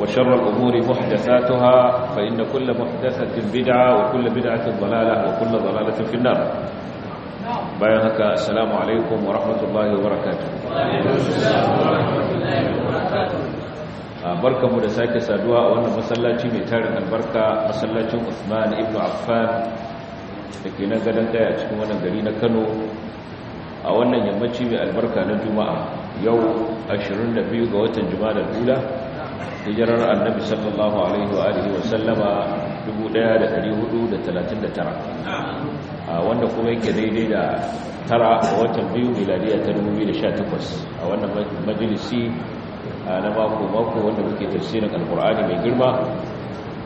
وشر الأمور محدثاتها فإن كل محدثة بدعة وكل بدعة ضلالة وكل ضلالة في النار bayan haka assalamu alaikum wa rahmatullahi wa barakatuh barkamu da sake saduwa a wannan masallaci mai tarin albarka masallacin Usman ibn Affan da ke na gadon daya cikin wannan gari na Kano a wannan yammaci mai albarka na Juma'a yau 22 ga watan Juma'a da hijirar annabi sallallahu alaihi wa alihi wa sallama 1439 wanda kuma yake daidai da tara a watan biyu miladiya ta 2018 a wannan majalisi na mako mako wanda muke tafsirin alkur'ani mai girma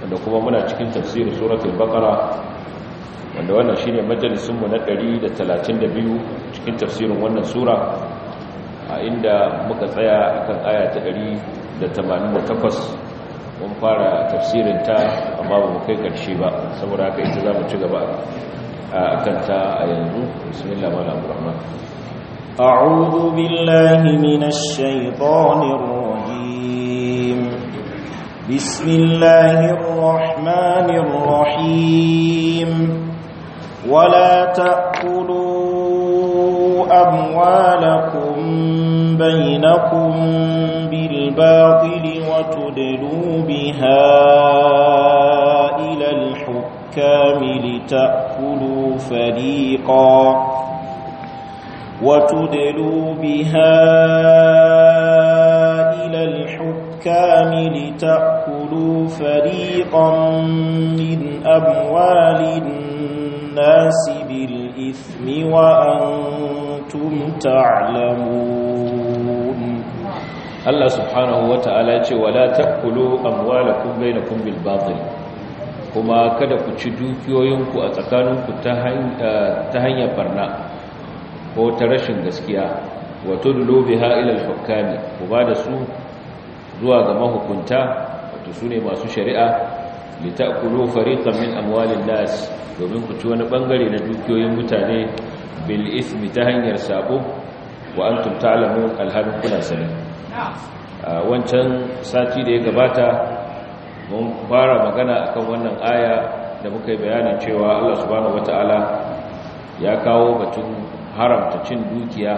wanda kuma muna cikin tafsirin suratul bakara wanda wannan shi ne majalisunmu na 132 cikin tafsirin wannan sura a inda muka tsaya akan aya ta 100 da takwas mun fara tafsirin ta amma ba mu kai karshe ba saboda haka ita za mu ci gaba a kanta a yanzu bismillah malam rahman أعوذ بالله من الشيطان الرجيم بسم الله الرحمن الرحيم ولا تأكلوا أموالكم بينكم بالباطل وتدلوا بها إلى الحكام لتأكلوا فريقا وتدلوا بها إلى الحكام لتأكلوا فريقا من أموال الناس بالإثم وأنتم تعلمون Allah subhanahu wa wata'ala ce wala ta'kulu amwalakum bainakum bil batil kuma kada ku ci dukiyoyinku a tsakaninku ta hanyar barna ko ta rashin gaskiya wato dulo biha ila al-hukami ku ba da su zuwa ga mahukunta wato sune masu shari'a li ta'kulu fariqan min amwalin nas domin ku ci wani bangare na dukiyoyin mutane bil ismi ta hanyar sabo wa antum ta'lamun alhalin kuna sanin wancan sati da ya gabata mun fara magana akan wannan aya da muka yi bayanin cewa Allah subhanahu wata'ala ya kawo batun haramta cin dukiya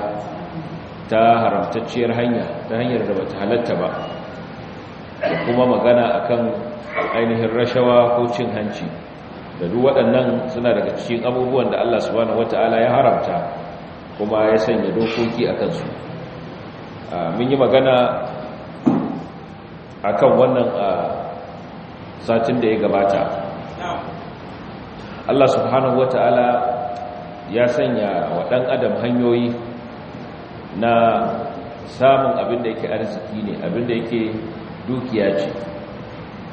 ta haramtacciyar hanya ta hanyar da bata halatta ba da kuma magana akan ainihin rashawa ko cin hanci da duk waɗannan suna daga cikin abubuwan da Allah subhanahu wata'ala ya haramta kuma ya sanya dokoki a kansu Ah, mun yi magana a kan wannan ah, satin da ya gabata Allah subhanahu ta'ala ya sanya wa ɗan adam hanyoyi na samun abin da yake arziki ne abin da yake dukiya ce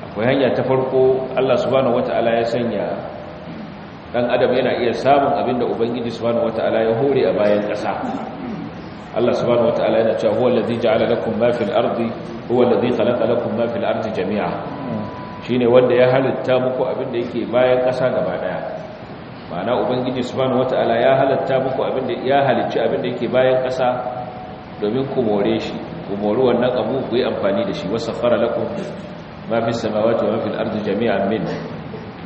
akwai hanya ta farko Allah subhanahu ta'ala ya sanya ɗan adam yana iya samun abin da ubangiji subhanahu ta'ala ya hore a bayan ƙasa Allah subhanahu wataala yana cewa huwa allazi ja'ala lakum ma fil ardi huwa allazi khalaqa lakum ma fil ardi jami'a shine wanda ya halitta muku abin da yake bayan ƙasa gaba daya ma'ana ubangiji subhanahu wataala ya halitta muku abin da ya halicci abin da yake bayan ƙasa domin ku more shi ku more wannan abu ku yi amfani da shi wasaffara lakum ma fis samawati wa ma fil ardi jami'an min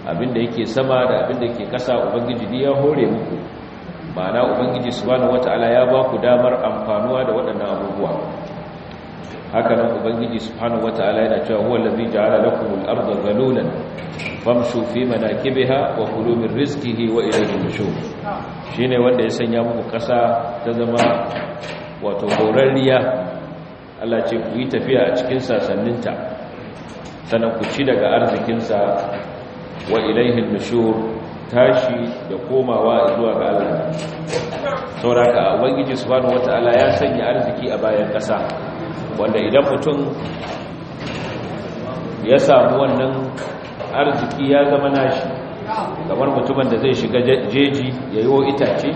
abin da yake sama da abin da yake ƙasa ubangiji ya hore muku ma'ana ubangiji subhanahu wata'ala ya ba ku damar amfanuwa da waɗannan abubuwa haka nan ubangiji subhanahu wata'ala yana cewa huwa allazi ja'ala lakum al-ardha zalulan famshu fi manakibiha wa kulu min rizqihi wa ilayhi nushur shine wanda ya sanya muku kasa ta zama wato horarriya Allah ce ku yi tafiya a cikin sasanninta sannan ku ci daga arzikinsa wa ilayhi nushur tashi da komawa zuwa ga Allah sauraka ubangiji subhanahu wataala ya sanya arziki a bayan kasa. wanda idan mutum ya samu wannan arziki ya zama nashi kamar mutumin da zai shiga jeji ya yi itace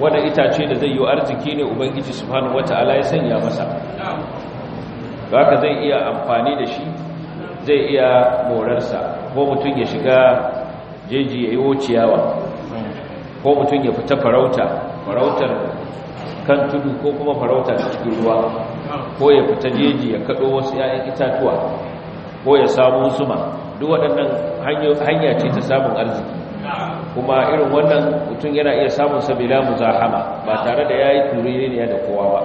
wanda itace da zai yi arziki ne ubangiji subhanahu wata'ala ya sanya masa zaka zai iya amfani da shi zai iya morarsa ko mutum ya shiga jeji ya yi ciyawa ko mutum ya fita farauta farautar kan tudu ko kuma farauta da cikin ruwa ko ya fita jeji ya kaɗo wasu ‘ya'yan itatuwa ko ya samu suma duk waɗannan hanya ce ta samun arziki kuma irin wannan mutum yana iya samun sabila muzahama ba tare da ya yi turiri ne da kowa ba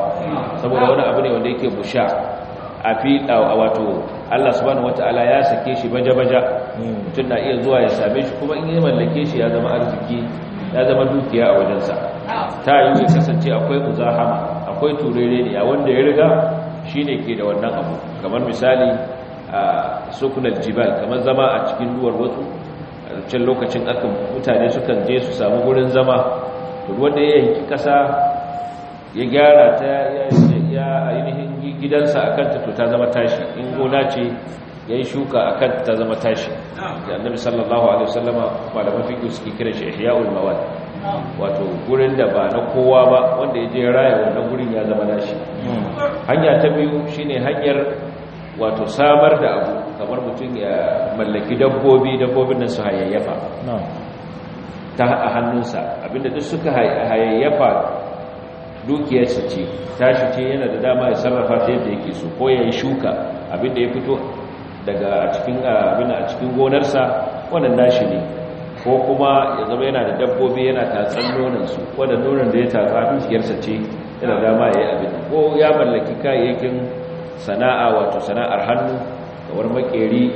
saboda wani abu ne wanda yake busha a fi wato Allah subhanahu wataala ya sake shi baje-baje. mutum na iya zuwa ya same shi kuma in yi mallake shi ya zama arziki ya zama dukiya a wajensa ta yi ya kasance akwai muzahama akwai turere ne a wanda ya riga shi ne ke da wannan abu kamar misali a sukunan jibal kamar zama a cikin duwar wasu a cikin lokacin akan mutane sukan je su samu gurin zama wanda ya yanki kasa ya gyara ta ya yi ya ainihin gidansa a ta to ta zama tashi in gona ce ya yi shuka a kan ta zama tashi da annabi sallallahu alaihi wasallama malaman fiƙi suke kiran shi ihya'ul mawad wato gurin da ba na kowa ba wanda ya je raya wannan gurin ya zama nashi hanya ta biyu shine hanyar wato samar da abu kamar mutum ya mallaki dabbobi dabbobin nan su hayayyafa ta a hannunsa abinda duk suka hayayyafa dukiyarsa ce tashi ce yana da dama ya sarrafa ta yadda yake so ko ya yi shuka abinda ya fito daga cikin abin a cikin gonarsa wannan nashi ne ko kuma ya zama yana da dabbobi yana tatsan nonansu wannan nonon da ya tatsa dukiyarsa ce yana dama ya yi abin ko ya mallaki kayayyakin sana'a wato sana'ar hannu kamar makeri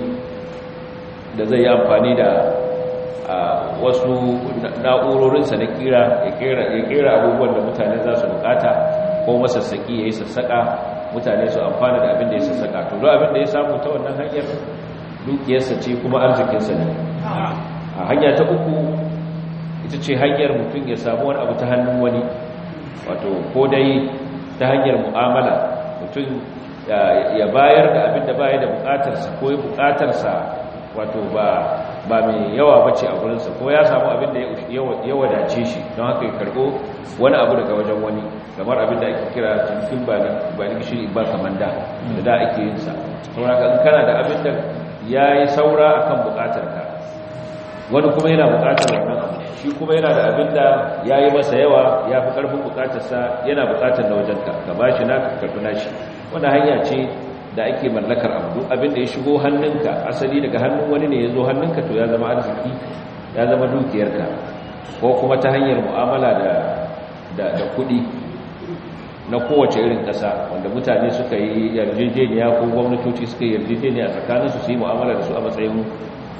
da zai yi amfani da wasu na'urorinsa na kira ya kera abubuwan da mutane za su bukata ko masassaki ya yi sassaka mutane su amfana da abin da ya sassaka to zo abin da ya samu ta wannan hanyar dukiyarsa ce kuma arzikinsa ne a hanya ta uku ita ce hanyar mutum ya samu wani abu ta hannun wani wato ko dai ta hanyar mu'amala mutum ya bayar da abin da baya da bukatarsa ko bukatarsa wato ba ba mai yawa ba ce a gurinsa ko ya samu abin da ya wadace shi don haka ya karbo wani abu daga wajen wani kamar abin da ake kira tunfin bani ni gishiri ba kamar da da da ake yin sa saboda kan kana da abin da ya yi saura akan bukatar ka wani kuma yana bukatar wannan abu shi kuma yana da abin da ya yi masa yawa ya fi karfin bukatarsa yana bukatar na wajen ka ka ba shi na karfi na shi wani hanya ce da ake mallakar abu abinda da ya shigo hannunka asali daga hannun wani ne ya zo hannunka to ya zama arziki ya zama dukiyarka ko kuma ta hanyar mu'amala da da kuɗi na kowace irin kasa wanda mutane suka yi yarjejeniya ko gwamnatoci suka yi yarjejeniya tsakanin su yi mu'amala da su a matsayin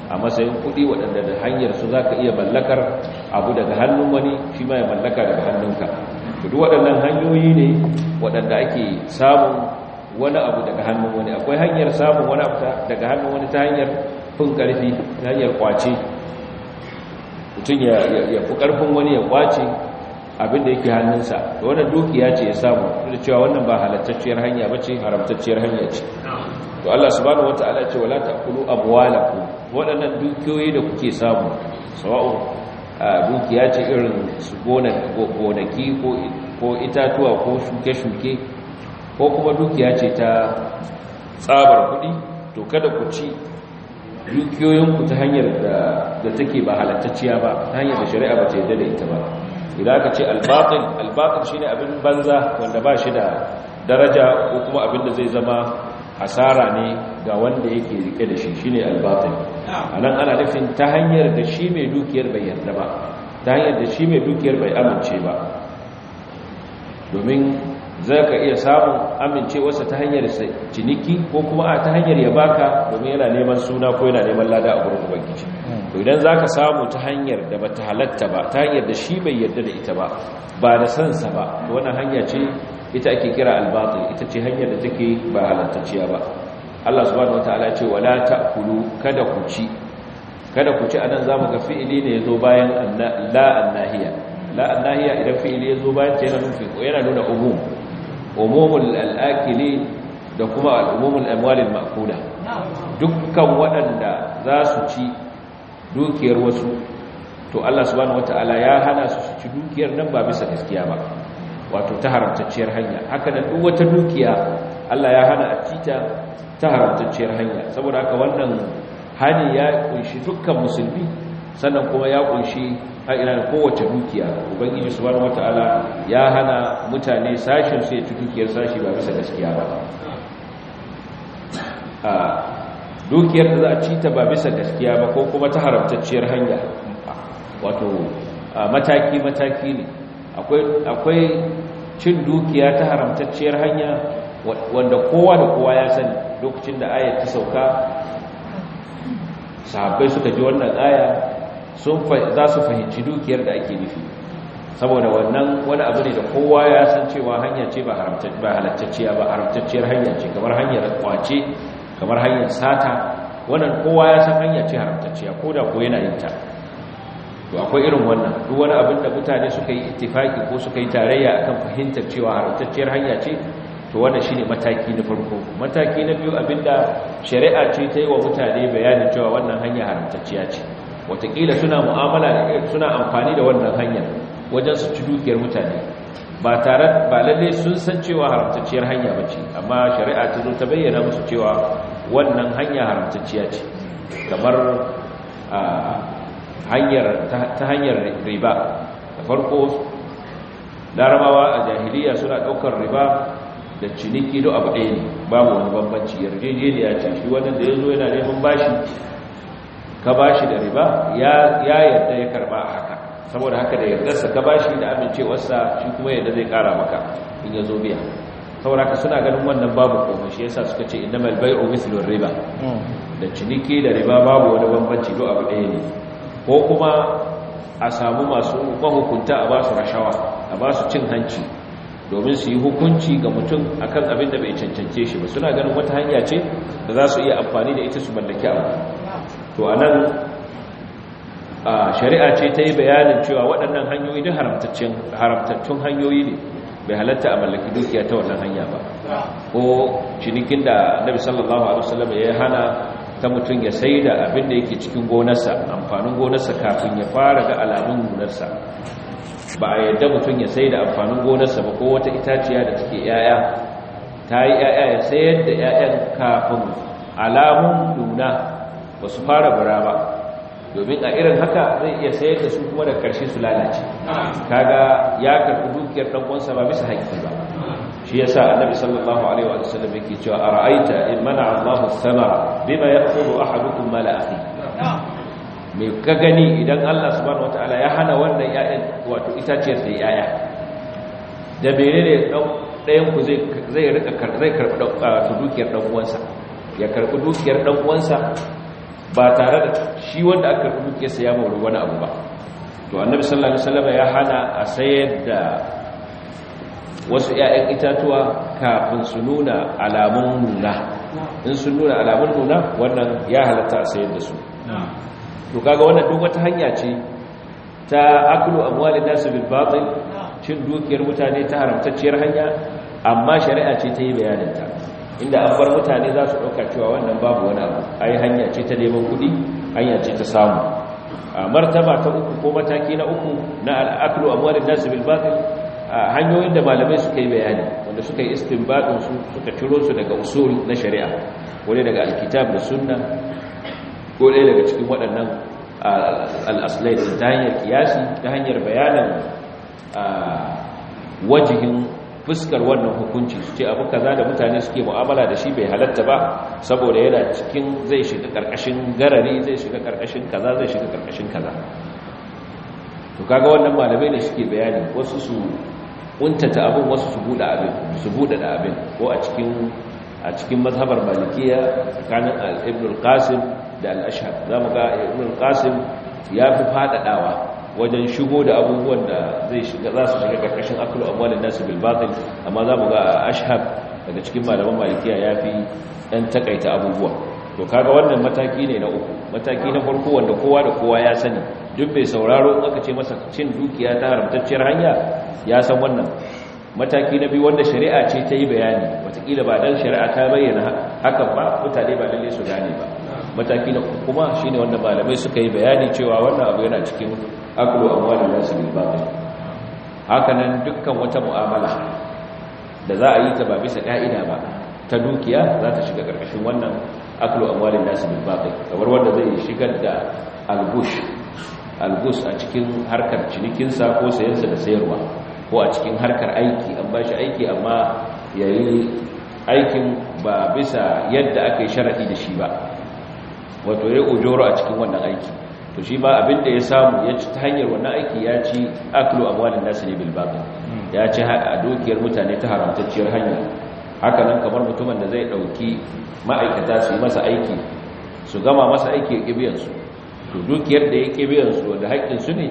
a matsayin kuɗi waɗanda da hanyar su za ka iya mallakar abu daga hannun wani shi ma ya mallaka daga hannunka duk waɗannan hanyoyi ne waɗanda ake samun wani abu daga hannun wani akwai hanyar samun wani abu daga hannun wani ta hanyar fin karfi ta hanyar kwace mutum ya fi karfin wani ya kwace abinda yake hannunsa da wani dukiya ce ya samu da cewa wannan ba halattacciyar hanya ba ce haramtacciyar hanya ce to Allah subhanahu wataala ce wala taqulu abwalakum waɗannan dukiyoyi da kuke samu sawa'u dukiya ce irin su gonaki ko itatuwa ko shuke-shuke ko kuma dukiya ce ta tsabar kuɗi to kada ku ci dukiyoyinku ta hanyar da take ba halattacciya ba ta hanyar da shari'a ba ta da ita ba idan ka ce albatin albatin shine abin banza wanda ba shi da daraja ko kuma abin da zai zama hasara ne ga wanda yake rike da shi shine albatin anan ana nufin ta hanyar da shi mai dukiyar bai yarda ba ta hanyar da shi mai dukiyar bai amince ba domin za ka iya samun amincewarsa ta hanyar ciniki ko kuma a ta hanyar ya baka domin yana neman suna ko yana neman lada a gurin ubangiji to idan za ka samu ta hanyar da ba ta halatta ba ta hanyar da shi bai yarda da ita ba ba da sansa ba wannan hanya ce ita ake kira albatu ita ce hanyar da take ba halattacciya ba Allah subhanahu wataala ya ce wala ta'kulu kada ku ci kada ku ci anan zamu ga fi'ili ne yazo bayan la annahiya la annahiya idan fi'ili yazo bayan yana nufin nuna umum umumul al'akili da kuma al'umumul amwalin maquda dukkan waɗanda za su ci dukiyar wasu to Allah subhanahu wata'ala ya hana su ci dukiyar nan ba bisa gaskiya ba wato ta haramtacciyar hanya haka da duk wata dukiya Allah ya hana a cita ta haramtacciyar hanya saboda haka wannan hani ya kunshi dukkan musulmi sannan kuma ya kunshi a ina da kowace dukiya ubangiji subhanahu wataala ya hana mutane sashin su ya dukiyar sashi ba bisa gaskiya ba dukiyar da za a ci ta ba bisa gaskiya ba ko kuma ta haramtacciyar hanya wato mataki mataki ne akwai akwai cin dukiya ta haramtacciyar hanya wanda kowa da kowa ya sani lokacin da ayat ta sauka sahabbai suka ji wannan aya za su fahimci dukiyar da ake nufi saboda wannan wani abu ne da kowa ya san cewa hanya ce ba halattacciya ba haramtacciyar hanya ce kamar hanyar kwace kamar hanyar sata wannan kowa ya san hanya ce haramtacciya ko da ko yana yin ta to akwai irin wannan duk wani abin da mutane suka yi ittifaki ko suka yi tarayya akan fahimtar cewa haramtacciyar hanya ce to wannan shine mataki na farko mataki na biyu abinda shari'a ce ta yi wa mutane bayanin cewa wannan hanya haramtacciya ce watakila suna mu'amala suna amfani da wannan hanyar wajen su ci dukiyar mutane ba tare ba lalle sun san cewa haramtacciyar hanya bace amma shari'a ta zo ta bayyana musu cewa wannan hanya haramtacciya ce kamar hanyar ta hanyar riba da farko larabawa a jahiliya suna ɗaukar riba da ciniki do abu ɗaya ne babu wani bambanci yarjejeniya ce shi wannan da ya zo yana neman bashi ka ba shi da riba ya yarda ya karba a haka saboda haka da yardarsa ka ba shi da amincewarsa shi kuma yadda zai kara maka in ya zo biya saboda haka suna ganin wannan babu komai shi yasa suka ce innamal bai'u mislu riba da ciniki da riba babu wani bambanci do abu ɗaya ne ko kuma a samu masu mahukunta a basu rashawa a basu cin hanci domin su yi hukunci ga mutum akan abin da bai cancance shi ba suna ganin wata hanya ce da za su iya amfani da ita su mallaki abu to a nan a shari'a ce ta yi bayanin cewa waɗannan hanyoyi da haramtattun hanyoyi ne bai halatta a mallaki dukiya ta wannan hanya ba ko cinikin da nabi sallallahu alaihi wasallam ya hana ta mutum ya sai da abin da yake cikin gonarsa amfanin gonarsa kafin ya fara ga alamun gonarsa ba a yadda mutum ya sai da amfanin gonarsa ba ko wata itaciya da take yaya ta yi yaya ya sayar da yayan kafin alamun nuna ba su fara bara ba domin a irin haka zai iya sayar da su kuma da karshe su lalace kaga ya karɓi dukiyar ɗan uwansa ba bisa haƙƙi ba shi yasa annabi sallallahu alaihi wa sallam yake cewa ra'aita in mana Allahu samara bima ya'khudhu ahadukum mala akhi me ka gani idan Allah subhanahu ta'ala ya hana wannan ya'yan wato itaciyar da yaya da menene dan dayan ku zai zai rika zai karbi dukiyar dan uwansa ya karbi dukiyar dan uwansa ba tare da shi wanda aka karɓi dukiyarsa ya mori wani abu ba to annabi sallallahu alaihi wasallam ya hana a sayar da wasu 'ya'yan itatuwa kafin su nuna alamun nuna in sun nuna alamun nuna wannan ya halatta a sayar da su to kaga wannan duk wata hanya ce ta aklu amwalin nasu bil batil cin dukiyar mutane ta haramtacciyar hanya amma shari'a ce ta yi bayanin ta inda an bar mutane za su ɗauka cewa wannan babu wani abu yi hanya ce ta neman kuɗi hanya ce ta samu a martaba ta uku ko mataki na uku na a amwalin nasu bil a hanyoyin da malamai suka yi bayani wanda suka yi istinbadin su suka ciro su daga usul na shari'a wani daga alkitab da sunna ko ɗaya daga cikin waɗannan al'aslai ta hanyar kiyasi ta hanyar bayanin wajihin fuskar wannan hukunci su ce abu kaza da mutane suke mu'amala da shi bai halatta ba saboda yana cikin zai shiga karkashin garari zai shiga karkashin kaza zai shiga karkashin kaza to kaga wannan malamai ne suke bayani wasu su kuntata abin wasu su buɗe abin su buɗe da abin ko a cikin a cikin mazhabar malikiya tsakanin al-ibn al-qasim da al-ashhab zamu ga ibn al-qasim ya fi fadadawa wajen shigo da abubuwan da zai shiga za su shiga karkashin akulu amwalin nasu bil amma za mu ga ashab daga cikin malaman malikiya ya fi yan takaita abubuwa to kaga wannan mataki ne na uku mataki na farko wanda kowa da kowa ya sani duk bai sauraro in aka ce masa cin dukiya ta haramtacciyar hanya ya san wannan mataki na biyu wanda shari'a ce ta yi bayani watakila ba dan shari'a ta bayyana hakan ba mutane ba lalle su gane ba mataki na kuma shine wanda malamai suka yi bayani cewa wannan abu yana cikin akulu amwalin nasu bil batil haka nan dukkan wata mu'amala da za a yi ta ba bisa ka'ida ba ta dukiya za ta shiga karkashin wannan akulu amwalin nasu bil batil kamar wanda zai shigar da algush a cikin harkar cinikinsa ko sayansa da sayarwa ko a cikin harkar aiki an ba shi aiki amma yayi aikin ba bisa yadda aka yi sharaɗi da shi ba wato ya ujoro a cikin wannan aiki to shi ma abin da ya samu ya ci ta hanyar wannan aiki ya ci aklu amwalin nasu ne bilbaba hmm. ya ci a dukiyar mutane ta haramtacciyar hanya haka nan kamar mutumin da zai ɗauki ma'aikata su yi masa aiki su gama masa aiki ya ƙibiyansu to dukiyar da ya ƙibiyansu su da haƙƙinsu ne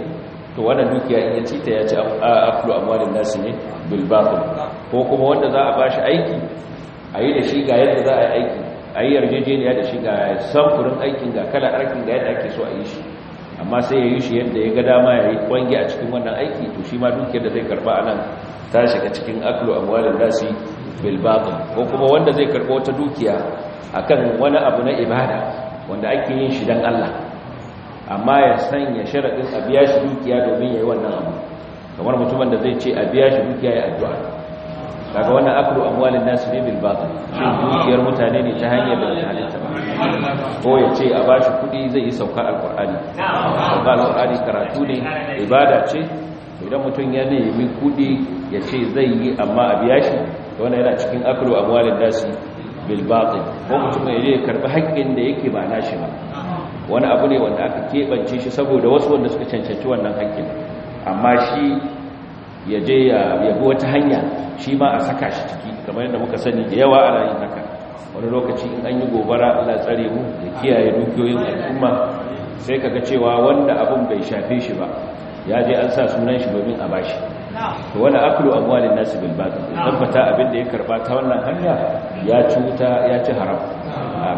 to wannan dukiya in ya ci ta ya ci aklu amwalin nasu ne bilbaba ko kuma wanda za a bashi aiki a yi da shi ga yadda za a yi aiki a yi yarjejeniya da shi ga samfurin aikin ga kala aikin ga yadda ake so a yi shi amma sai ya yi shi yadda ya ga dama ya yi kwangi a cikin wannan aiki to shi ma dukiyar da zai karba a nan ta shiga cikin aklo amwalin nasi bil ko kuma wanda zai karba wata dukiya akan wani abu na ibada wanda ake yin shi don Allah amma ya sanya ɗin a biya shi dukiya domin ya yi wannan abu kamar mutumin da zai ce a biya shi dukiya ya addu'a kaga wannan akru amwalin nasu ne bil batil shi dukiyar mutane ne ta hanyar da ta ko ya ce a bashi kudi zai yi sauka alqur'ani Sauka alqur'ani karatu ne ibada ce idan mutum ya nemi kudi ya ce zai yi amma a biya shi wannan yana cikin akru amwalin nasu bil batil ko mutum ya je karbi haƙƙin da yake ba nashi ba wani abu ne wanda aka keɓance shi saboda wasu wanda suka cancanci wannan haƙƙin amma shi ya je ya bi wata hanya shi ma a saka shi ciki kamar yadda muka sani da yawa a yin haka wani lokaci in an yi gobara Allah tsare mu da kiyaye dukiyoyin al'umma sai kaga cewa wanda abun bai shafe shi ba ya je an sa sunan shi domin a bashi to wala aklu amwalin nasi bil batil tabbata abin da ya karba ta wannan hanya ya cuta ya ci haram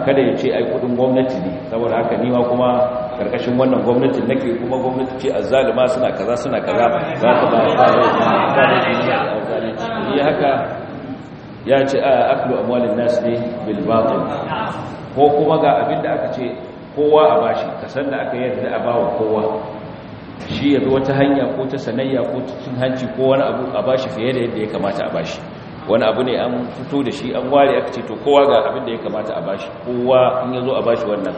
kada ya ce ai kudin gwamnati ne saboda haka ni ma kuma karkashin wannan gwamnatin nake kuma gwamnati ce azzalima suna kaza suna kaza za ta ba zalunci ya haka ya ce a aklu amwalin nas ne bil batil ko kuma ga abinda aka ce kowa a bashi san da aka yadda a bawa kowa shi yabi wata hanya ko ta sanayya ko ta hanci ko wani abu a bashi fiye da yadda ya kamata a bashi wani abu ne an fito da shi an ware aka ce to kowa ga abin da ya kamata a bashi kowa in ya zo a bashi wannan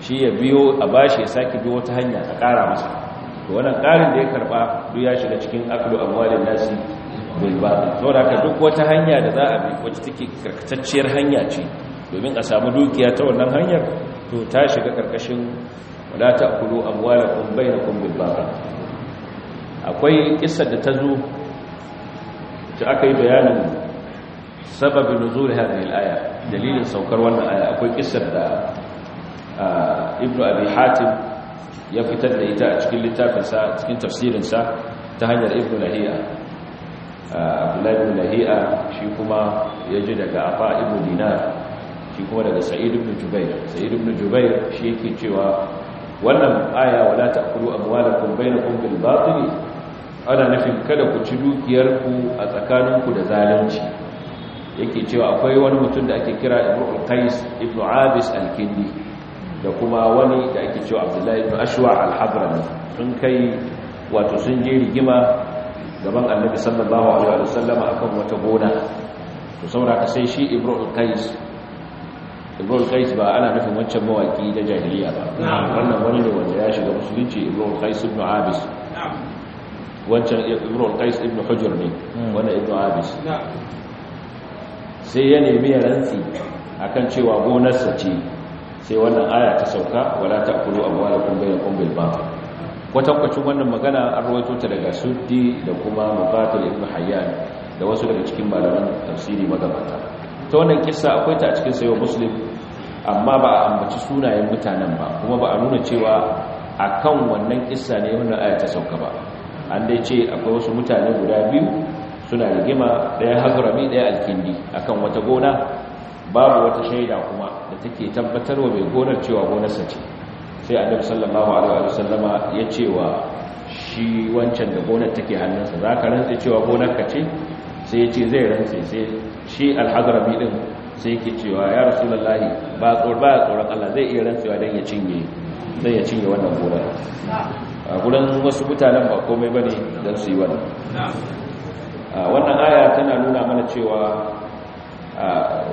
shi ya biyo a bashi ya sake biyo wata hanya a ƙara masa to wannan ƙarin da ya karba duk ya shiga cikin aklu amwalin nasi bil batil saboda haka duk wata hanya da za a bi wacce take karkatacciyar hanya ce domin a samu dukiya ta wannan hanyar to ta shiga karkashin wala ta'kulu amwalakum bainakum bil batil akwai kissa da ta zo ta aka yi bayanin sababin nuzul hadhihi al-aya dalilin saukar wannan aya akwai kissar da ibnu abi hatim ya fitar da ita a cikin littafinsa cikin tafsirinsa ta hanyar ibnu lahiya abdullahi ibn lahiya shi kuma ya ji daga afa ibnu dinar shi kuma daga sa'id ibn jubair sa'id ibn jubair shi yake cewa wannan aya wala ta'kulu amwalakum bainakum bil batil ana nufin kada ku ci dukiyarku a tsakaninku da zalunci yake cewa akwai wani mutum da ake kira ibn qais ibn abis al-kindi da kuma wani da ake cewa abdullahi ibn ashwa al-habrani sun kai wato sun je rigima gaban annabi sallallahu alaihi wasallam akan wata gona to saboda ka sai shi ibn qais ibn qais ba ana nufin wancan mawaki da jahiliya ba wannan wani ne wanda ya shiga musulunci ibn qais ibn abis wancan ibn qais ibn hujr ne hmm. wannan ibn abis sai ya nemi ya rantsi akan cewa gonarsa ce sai wannan aya ta sauka wala ta'kulu amwalakum bainakum bil batil kwatankwacin wannan magana an rawaito ta daga suddi da kuma mubatil ibn hayyan da wasu daga cikin malaman tafsiri magabata ta wannan kissa akwai ta cikin sayo muslim amma ba a ambaci sunayen mutanen ba kuma ba a nuna cewa akan wannan kisa ne wannan aya ta sauka ba an dai ce akwai wasu mutane guda biyu suna rigima ɗaya hazrami ɗaya alkindi akan wata gona babu wata shaida kuma da take tabbatar wa mai gonar cewa gonarsa ce sai wa sallallahu alaihi sallama ya ce shi wancan da gonar take hannunsa za ka rantse cewa gonarka ce sai ya ce zai rantse sai shi alhazrami din sai ke cewa ya lallahi ba tsoron Allah zai iya rantsewa don ya cinye zai ya cinye wannan gonar a gudan wasu mutanen ba komai ba ne don su yi wannan wannan aya tana nuna mana cewa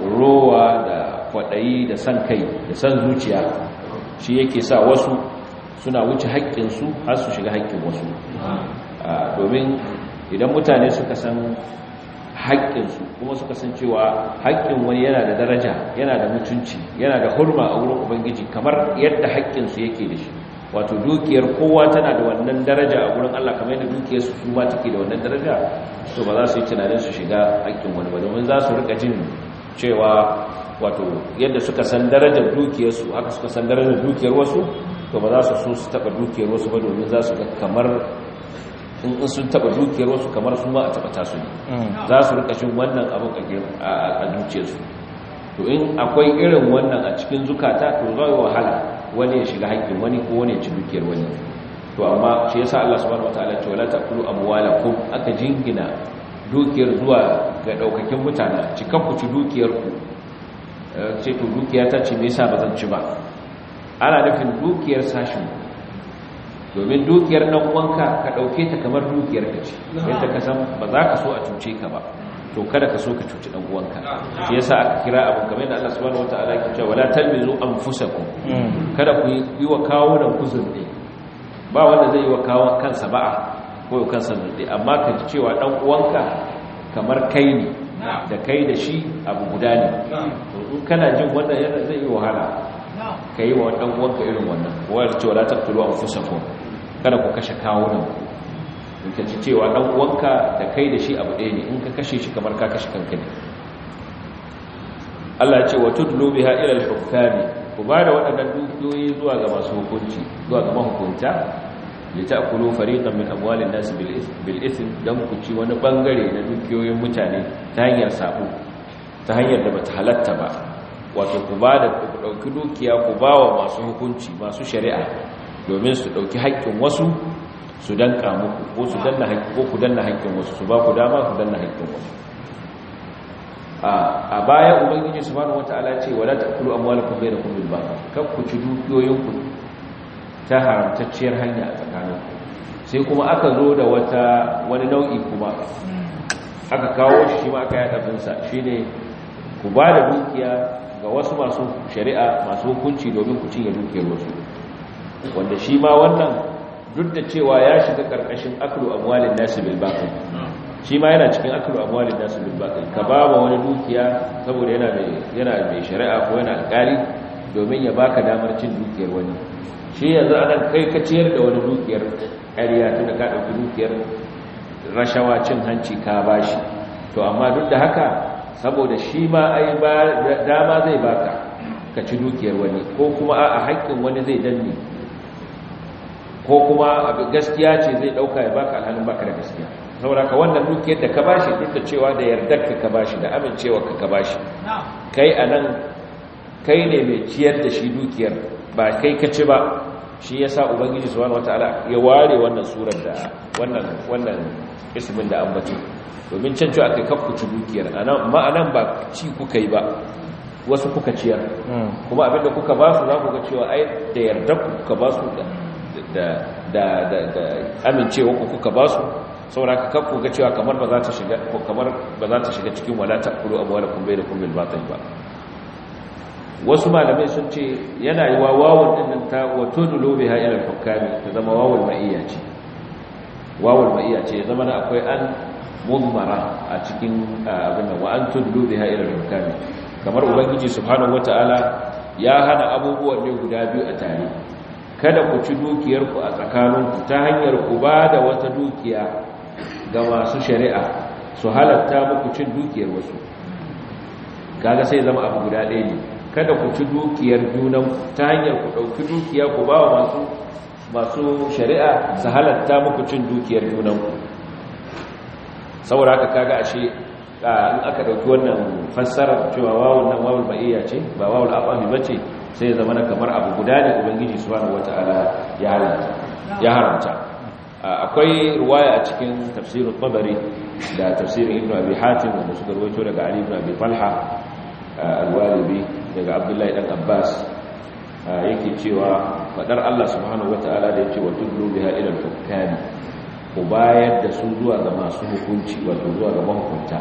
rowa da kwaɗayi da san kai da san zuciya shi yake sa wasu suna wuce haƙƙinsu har su shiga haƙƙin wasu domin idan mutane suka san haƙƙinsu kuma suka san cewa haƙƙin wani yana da daraja yana da mutunci yana da hurma a wurin ubangiji kamar yadda haƙƙinsu yake da shi wato dukiyar kowa tana da wannan daraja a gurin Allah kamar yadda dukiyar su kuma take da wannan daraja to ba za su yi tunanin su shiga hakkin wani ba domin za su rika jin cewa wato yadda suka san darajar dukiyar su aka suka san darajar dukiyar wasu to ba za su so su taba dukiyar wasu ba domin za su ga kamar in sun taba dukiyar wasu kamar su ma a taba tasu ne mm. za su rika jin wannan abin a dukiyar su to in akwai irin wannan a cikin zukata to zai wahala wani ya shiga haƙƙin wani ko wani ya ci dukiyar wani to amma shi yasa Allah subhanahu wataala ce wala taqulu amwalakum aka jingina dukiyar zuwa ga daukakin mutane cikan ku ci dukiyar ku eh, ce to dukiya ta ce me yasa ba zan ci ba ana nufin dukiyar sashin domin dukiyar nan wanka ka dauke ta kamar dukiyar ka ce yadda ka san ba za ka so a cuce ka ba to kada ka so ka cuci dan uwanka shi yasa aka kira abun kamar yadda Allah subhanahu wataala yake cewa wala talmizu anfusakum hmm. kada ku yi wa kawo da kuzurdi ba wanda zai yi wa kawo kansa ba'a ko kansa zurdi amma ka ji cewa dan uwanka kamar kai ne da kai da shi abu guda ne to kana jin wannan yana zai yi wahala kai wa dan uwanka irin wannan wala ce wala taqtulu anfusakum kada ku kashe kawo da ku ka ci cewa dan uwanka da kai da shi abu ɗaya ne in ka kashe shi kamar ka kashe kanka ne Allah ya ce wa tudlu biha ila al-hukami ku ba da waɗannan dukiyoyi zuwa ga masu hukunci zuwa ga mahukunta li ta'kulu fariqan min amwalin nas bil ithm dan ku ci wani bangare na dukiyoyin mutane ta hanyar sabo ta hanyar da bata halatta ba wato ku ba da ku dauki dukiya ku ba wa masu hukunci masu shari'a domin su dauki haƙƙin wasu su danka muku ko su danna haƙƙi ko ku danna haƙƙin wasu su ba ku dama ku danna haƙƙin wasu a baya ubangiji subhanahu wata'ala ce wala taqulu amwalakum bainakum bil batil kar ku ci dukiyoyin ku ta haramtacciyar hanya a tsakaninku sai kuma aka zo da wata wani nau'i kuma aka kawo shi ma aka yada shi shine ku ba da dukiya ga wasu masu shari'a masu hukunci domin ku cinye dukiyar wasu wanda shi ma wannan duk da cewa ya shiga karkashin akalu amwalin nasu bil shi ma yana cikin akalu amwalin nasu bil ka ba ma wani dukiya saboda yana mai shari'a ko yana alƙali domin ya baka damar cin dukiyar wani shi yanzu anan kai ka ciyar da wani dukiyar ƙarya tunda ka ɗauki dukiyar rashawa cin hanci ka ba shi to amma duk da haka saboda shi ma ai dama zai baka ka ci dukiyar wani ko kuma a haƙƙin wani zai danne ko kuma gaskiya ce zai dauka ya baka alhalin baka da gaskiya saboda ka wannan dukiyar da ka bashi duk da cewa da yardar ka ka bashi da amincewa ka ka bashi kai anan kai ne mai ciyar da shi dukiyar ba kai ka ci ba shi sa ubangiji subhanahu wataala ya ware wannan surar da wannan wannan ismin da ambaci. domin can cewa kai kakkuci dukiyar anan ma'anan ba ci kuka yi ba wasu kuka ciyar hmm. kuma abinda kuka ba su za ku ga cewa ai da yardar kuka ba su da da da amincewa ku kuka ba su saboda ka kakku ga cewa kamar ba za ta shiga ko kamar ba za ta shiga cikin wala ta'kulu amwalakum bainakum bil batil ba wasu malamai sun ce yana yi wa wawon dinnan ta wato dulo biha ila al ta zama wawul ma'iyya ce wawul ma'iyya ce zama na akwai an mudmara a cikin abin nan wa an tudlu biha ila al kamar ubangiji subhanahu wataala ya hana abubuwan ne guda biyu a tare kada ku ci dukiyarku a tsakaninku ta hanyar ku ba da wata dukiya ga masu shari'a su halatta muku cin dukiyar wasu kaga sai zama abu guda ɗaya ne kada ku ci dukiyar junan ta hanyar ku ɗauki dukiya ku ba wa masu masu shari'a su halatta muku cin dukiyar junanku saboda haka kaga ashe in aka ɗauki wannan fassarar cewa wawun nan wawul ba'iyya ce ba wawul afami ba ce sai zama na kamar abu guda da ubangiji subhanahu wataala ya haramta ya haramta akwai ruwaya a cikin tafsirin tabari da tafsirin ibn abi hatim wanda suka daga ali ibn abi falha al daga abdullahi dan abbas yake cewa fadar Allah subhanahu wataala da yake wa tudlu biha al-hukami ku bayar da su zuwa ga masu hukunci wato zuwa ga mahukunta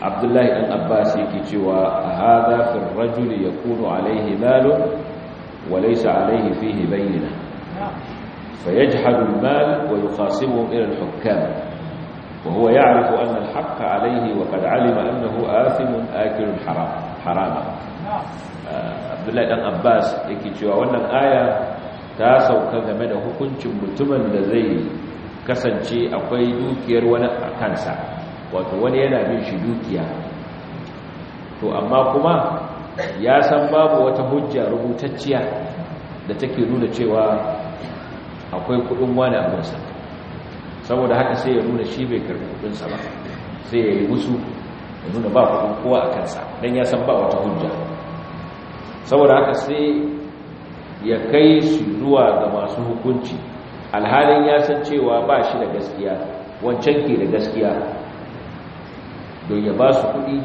abdullahi dan abbas yake cewa hadha fi ar-rajuli yakunu alayhi malu wa laysa alaihi fihi bayyana fayajhadu al-mal wa yuqasimuhu ila al-hukam وهو يعرف أن الحق عليه وقد علم أنه آثم آكل حرام حراما عبد الله بن عباس yake cewa wannan aya ta sauka game da hukuncin mutumin da zai kasance akwai dukiyar wani a kansa wato wani yana bin shi dukiya to amma kuma ya san babu wata hujja rubutacciya da take nuna cewa akwai kudin wani abinsa saboda haka sai ya nuna shi bai karbi kudinsa ba sai ya yi musu ya nuna ba kudin kowa a kansa don ya san ba wata hujja saboda haka sai ya kai su zuwa ga masu hukunci alhalin ya san cewa ba shi da gaskiya wancan ke da gaskiya don ya ba su kuɗi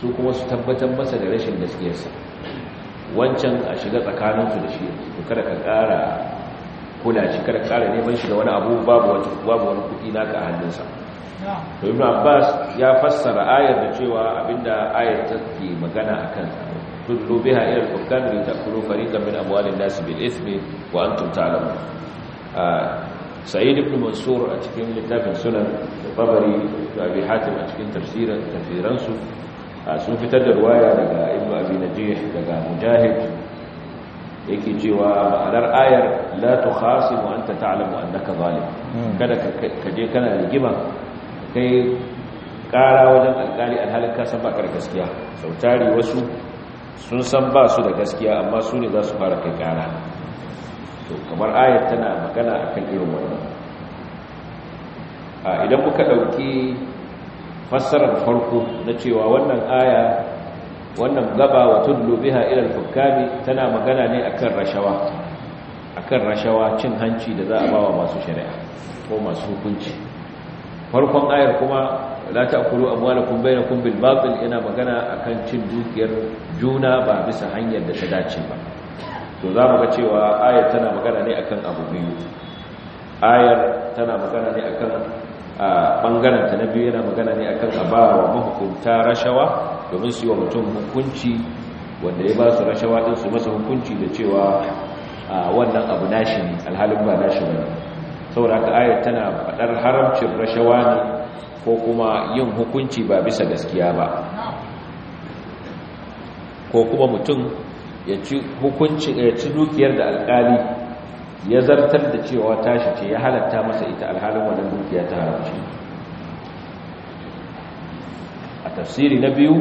su kuma su tabbatar masa da rashin gaskiyarsa wancan a shiga tsakaninsu da shi su kada ka ƙara kula shi kada ƙara neman shi da wani abu babu wani babu wani kuɗi naka a hannunsa to ibn abbas ya fassara ayar da cewa abinda ayar take magana akan kan biha ila al-hukam li takulu fariqan min amwalin nas bil ismi wa antum ta'lamun ah, sa'id ibn mansur a cikin littafin sunan da babari da abi a cikin tafsirin tafiransu sun fitar da ruwaya daga ibn abi najih daga mujahid yake cewa ma'anar ayar la tukhasimu anta ta'lamu annaka zalim hmm. kada ka je kana rigima kai kara wajen alkali alhalin ka san bakar gaskiya sautari wasu sun san ba su da gaskiya amma su ne za su fara kai kara to kamar ayat tana magana akan irin wannan a idan muka dauki fassarar farko na cewa wannan aya wannan gaba wa tullu biha ila al tana magana ne akan rashawa akan rashawa cin hanci da za a bawa masu shari'a ko masu hukunci farkon ayar kuma la ta'kulu amwalakum bainakum bil batil ina magana akan cin dukiyar juna ba bisa hanyar da ta dace ba to za mu ga cewa ayar tana magana ne akan abu biyu ayar tana magana ne akan a bangaren ta na biyu yana magana ne akan abawa mahukunta rashawa domin su yi wa mutum hukunci wanda ya ba su rashawa din su masa hukunci da cewa wannan abu nashi ne alhalin ba nashi ba saboda haka ayar tana faɗar haramcin rashawa ne ko kuma yin hukunci ba bisa gaskiya ba ko kuma mutum ya ci hukunci ya ci dukiyar da alkali ya zartar da cewa tashi ce ya halatta masa ita alhalin wannan dukiya ta haramci a tafsiri na biyu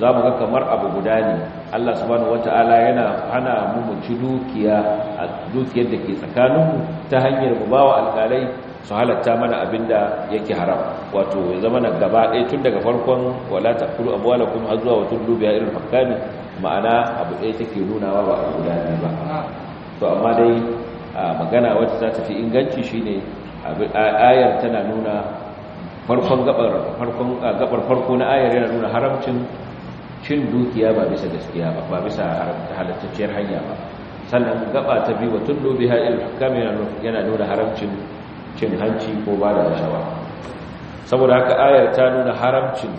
za mu ga kamar abu guda ne Allah subhanahu wata'ala yana hana mu mu ci dukiya a dukiyar da ke tsakaninmu ta hanyar mu bawa alkalai su halatta mana abin abinda yake haram wato ya zama na gaba ɗaya tun daga farkon wala taqulu amwalakum azwa wa tudlu dubiya irin ma'ana abu ɗaya take nunawa ba a guda ne ba to amma dai magana wacce za ta fi inganci shi ne ayar tana nuna farkon gabar farkon gabar farko na ayar yana nuna haramcin cin dukiya ba bisa gaskiya ba ba bisa halittacciyar hanya ba sannan gaba ta biyu wa tun dobe haɗin hukam yana nuna haramcin cin hanci ko ba da rashawa saboda haka ayar ta nuna haramcin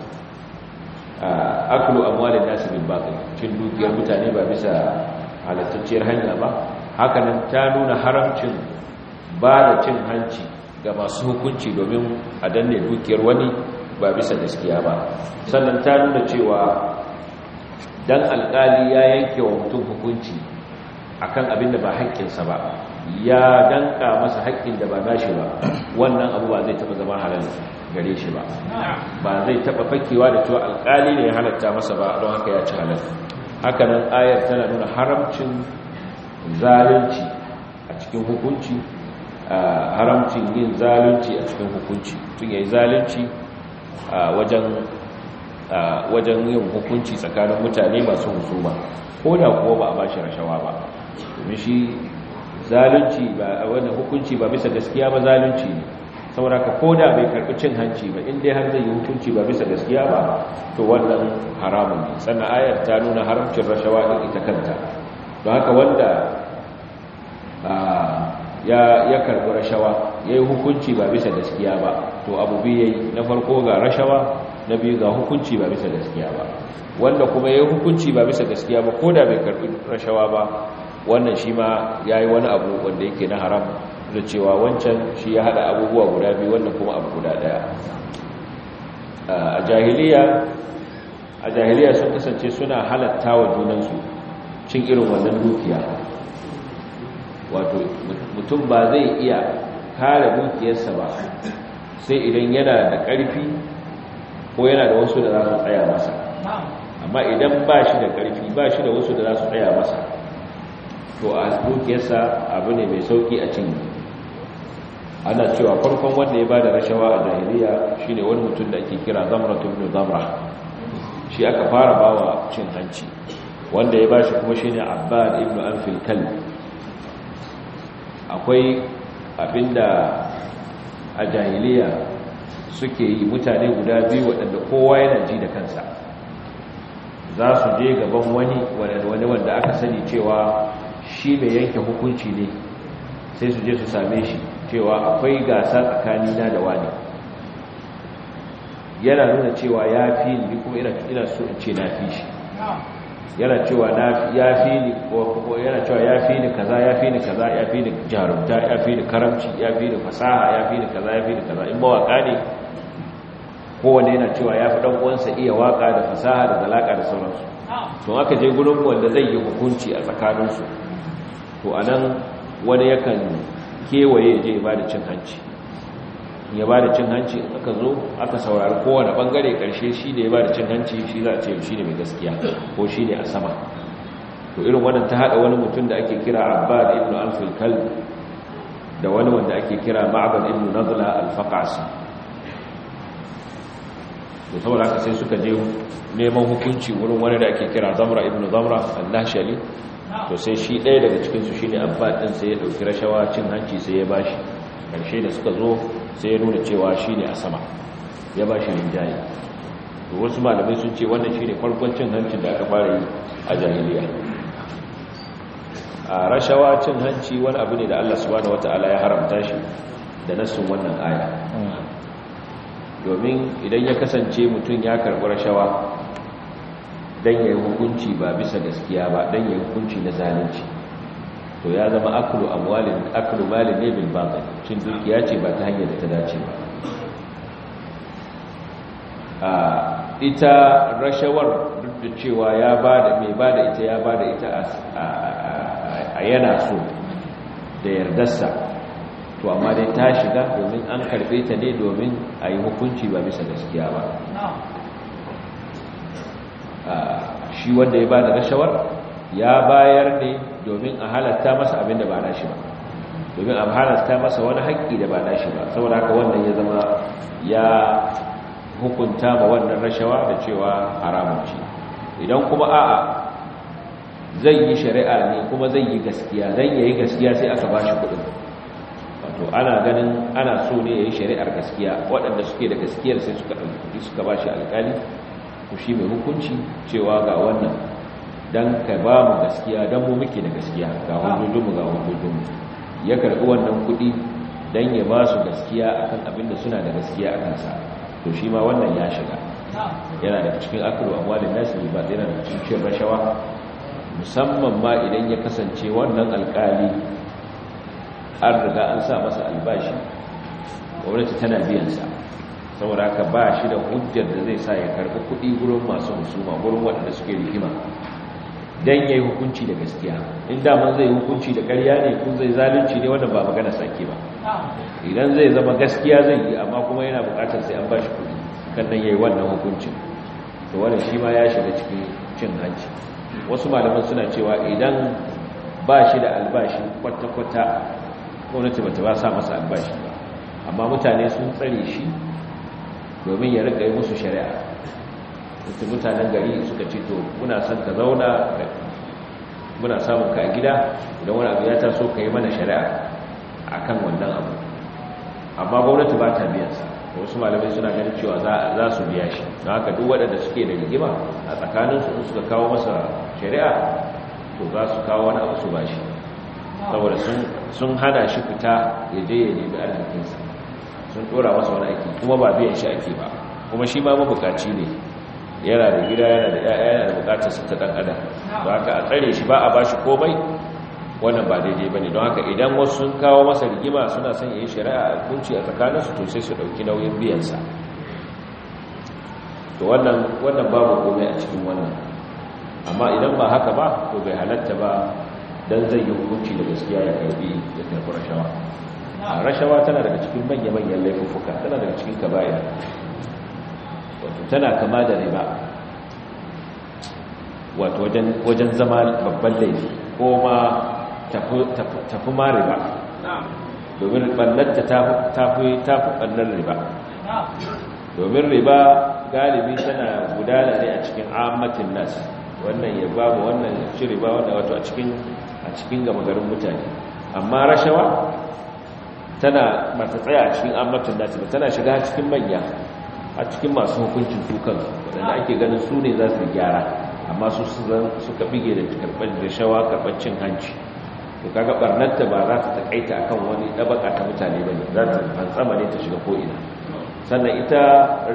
Ah, aklu amwalin nas bil baqi cin dukiyar mutane ba bisa halattacciyar hanya ba hakanan ta nuna haramcin ba da cin hanci ga masu hukunci domin a danne dukiyar wani ba bisa gaskiya ba sannan ta nuna cewa dan alkali ya yanke wa mutum hukunci akan abin da ba hakkinsa ba ya danka masa hakkin da ba nashi ba wannan abu ba zai taɓa zama halal gare shi ba ba zai taba fakewa da cewa alƙali ne ya halatta masa ba don haka ya ci halatta haka nan ayar tana nuna haramcin zalunci a cikin hukunci haramcin yin zalunci a cikin hukunci tun yayi zalunci wajen wajen yin hukunci tsakanin mutane masu husuma ko da kuwa ba a ba shi rashawa ba domin shi zalunci ba wanda hukunci ba bisa gaskiya ba zalunci ne saboda ka koda bai karɓi cin hanci ba in dai har zai yi hukunci ba bisa gaskiya ba to wannan haramun ne sannan ayar ta nuna haramcin rashawa ɗin ita kanta don haka wanda ya karɓi rashawa ya yi hukunci ba bisa gaskiya ba to abu biyu yayi na farko ga rashawa na biyu ga hukunci ba bisa gaskiya ba wanda kuma ya yi hukunci ba bisa gaskiya ba da bai karɓi rashawa ba wannan shi ma ya yi wani abu wanda yake na haram da cewa wancan shi ya hada abubuwa guda biyu wannan kuma abu guda daya a jahiliya sun kasance suna halatta wa junansu cin irin wannan dukiya wato mutum ba zai iya kare dukiyarsa ba sai idan yana da ƙarfi ko yana da wasu da za su tsaya masa amma idan ba shi da ƙarfi ba shi da wasu da za su tsaya masa to a dukiyarsa abu ne mai sauƙi a cinye ana cewa farkon wanda ya bada rashawa a jahiliya shine wani mutum da ake kira zamratu ibn zamra shi aka fara bawa cin hanci wanda ya bashi kuma shine da ibn anfil kal. akwai abinda a jahiliya suke yi mutane guda biyu waɗanda kowa yana ji da kansa za su je gaban wani wani wanda aka sani cewa shi mai yanke hukunci ne sai su je su same shi cewa akwai gasa tsakanina da wani yana nuna cewa ya fi ni ko ina so in ce na fi shi yana cewa ya fi ni ko yana cewa ya fi ni kaza ya fi ni kaza ya fi ni jarumta ya fi ni karamci ya fi ni fasaha ya fi ni kaza ya fi ni kaza in mawaka ne kowane yana cewa ya fi ɗan uwansa iya waka da fasaha da zalaka da sauransu to aka je gurin wanda zai yi hukunci a tsakaninsu to anan wani yakan kewaye je ya bada cin hanci ya bada cin hanci aka zo aka saurari kowane bangare karshe shi da ya bada cin hanci shi za a ce shi ne mai gaskiya ko shi ne a sama to irin wannan ta hada wani mutum da ake kira abbad ibn al kalb da wani wanda ake kira ma'bad ibn nadla al-faqasi da saboda haka sai suka je neman hukunci wurin wani da ake kira zamra ibn zamra al-nashali to sai shi ɗaya daga cikinsu shi ne abba ɗin sai ya ɗauki rashawa cin hanci sai ya bashi ƙarshe da suka zo sai ya nuna cewa shi ne a sama ya ba rinjaye to wasu malamai sun ce wannan shi ne farkon cin hancin da aka fara yi a jahiliya a rashawa cin hanci wani abu ne da allah subhanahu wata'ala ya haramta shi da nassun wannan aya hmm. domin idan ya kasance mutum ya karɓi rashawa Dan yayi yi hukunci ba bisa gaskiya ba dan ya hukunci na zalunci to ya zama akulu amwalin akulu malin ne bil batil cin dukiya ce ba ta hanyar da ta dace ba a ita rashawar duk da cewa ya bada mai bada ita ya bada ita a yana so da yardarsa to amma dai ta shiga domin an karbe ta ne domin a yi hukunci ba bisa gaskiya ba shi wanda ya ba da rashawar ya bayar ne domin a halatta masa abin da ba shi ba domin a halatta masa wani haƙƙi da ba na shi ba saboda haka wannan ya zama ya hukunta ba wannan rashawa da cewa haramun idan kuma a'a zai yi shari'a ne kuma zai yi gaskiya zai yi gaskiya sai aka ba shi kuɗin wato ana ganin ana so ne ya yi shari'ar gaskiya waɗanda suke da gaskiyar sai suka ba shi bashi alƙali ku shi mai hukunci cewa ga wannan don ka ba mu gaskiya don mu muke da gaskiya ga hujjojinmu ga hujjojinmu ya karɓi wannan kuɗi don ya ba su gaskiya kan abin da suna da gaskiya a kansa, to shi ma wannan ya shiga yana da cikin akalu amwalin nasu ba yana da cikin rashawa musamman ma idan ya kasance wannan alkali an riga an sa masa albashi gwamnati tana biyansa saboda haka ba shi da hujjar da zai sa ya karbi kuɗi gurin masu musulma gurin waɗanda suke rikima. don ya yi hukunci da gaskiya in daman zai yi hukunci da karya ne kun zai zalunci ne wannan ba magana sake ba idan zai zama gaskiya zai yi amma kuma yana bukatar sai an ba shi kuɗi kan ya yi wannan hukuncin to wannan shi ma ya shiga cikin cin hanci wasu malaman suna cewa idan ba shi da albashi kwata-kwata gwamnati ba ta ba sa masa albashi ba amma mutane sun tsare shi domin ya rika yi musu shari'a mutanen gari suka ce to muna son ka zauna muna samun ka a gida idan wani abu ya taso ka yi mana shari'a a kan wannan abu amma gwamnati ba ta biyansa wasu malamai suna ganin cewa za su biya shi don haka duk waɗanda suke da rigima a tsakaninsu suka kawo masa shari'a to za su kawo wani abu su ba shi saboda sun hana shi fita ya je ya nemi arzikinsa sun dora masa wani aiki kuma ba biyan shi ake ba kuma shi ma mabukaci ne yana da gida yana da ya'ya yana da bukatar sa ta dan adam don haka a tsare shi ba a bashi komai wannan ba daidai bane don haka idan wasu sun kawo masa rigima suna son yayin shari'a a kunci a tsakaninsu to sai su dauki nauyin biyan sa to wannan wannan babu komai a cikin wannan amma idan ba haka ba to bai halatta ba dan zai yi hukunci da gaskiya ya karbi da karbar rashawa tana daga cikin manya-manyan laifuka tana daga cikin kabaya wato tana kama da riba wato wajen zama babban laifi ko ma tafi ma riba domin ta tafi ɓannar riba domin riba galibi tana gudana ne a cikin ammatin nas wannan ya ba mu wannan ya ci riba wannan wato a cikin gama garin mutane amma rashawa tana mata tsaya a cikin amnatin da ba tana shiga cikin manya a cikin masu hukuncin sukan wadanda ake ganin su ne za su gyara amma su suka bige da karɓar da shawa karɓar cin hanci to kaga barnarta ba za ta takaita akan wani ɗabaka ta mutane ba ne za ta fantsama ne ta shiga ko'ina sannan ita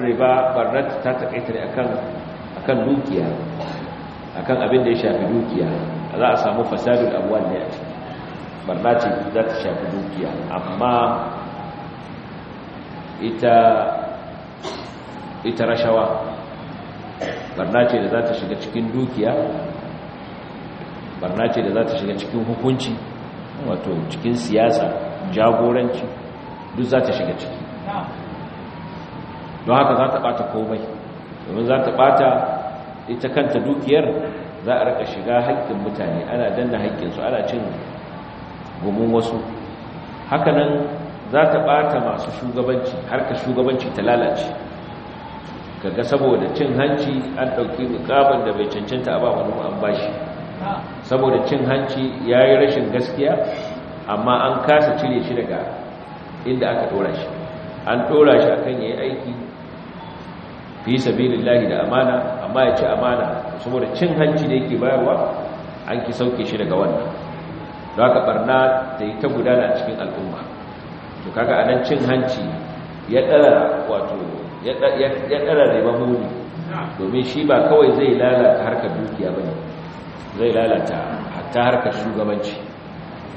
riba barnarta ta takaita ne akan dukiya akan abin da ya shafi dukiya za a samu fasadun abuwan ne a ciki barna ce za ta shafi dukiya amma ita ita rashawa barna ce da za ta shiga cikin dukiya barna ce da za ta shiga cikin hukunci wato cikin siyasa jagoranci duk za ta shiga ciki don haka za ta bata komai domin za ta bata ita kanta dukiyar za a raka shiga haƙƙin mutane ana danna haƙƙinsu ana cin gumin wasu hakanan za ta ɓata masu shugabanci ka shugabanci ta lalace kaga saboda cin hanci an ɗauki mukaban da bai cancanta a ba wani an bashi saboda cin hanci yayi rashin gaskiya amma an kasa cire shi daga inda aka ɗora shi an ɗora shi akan yayi yayi aiki fi sabilillahi da amana amma ya ci amana saboda cin hanci da yake bayarwa an ki sauke shi daga wannan don ka barna ta yi ta gudana cikin al'umma to kaga anan cin hanci ya dara wato ya dara muni domin shi ba kawai zai lalata harkar dukiya ba ne zai lalata hatta harkar shugabanci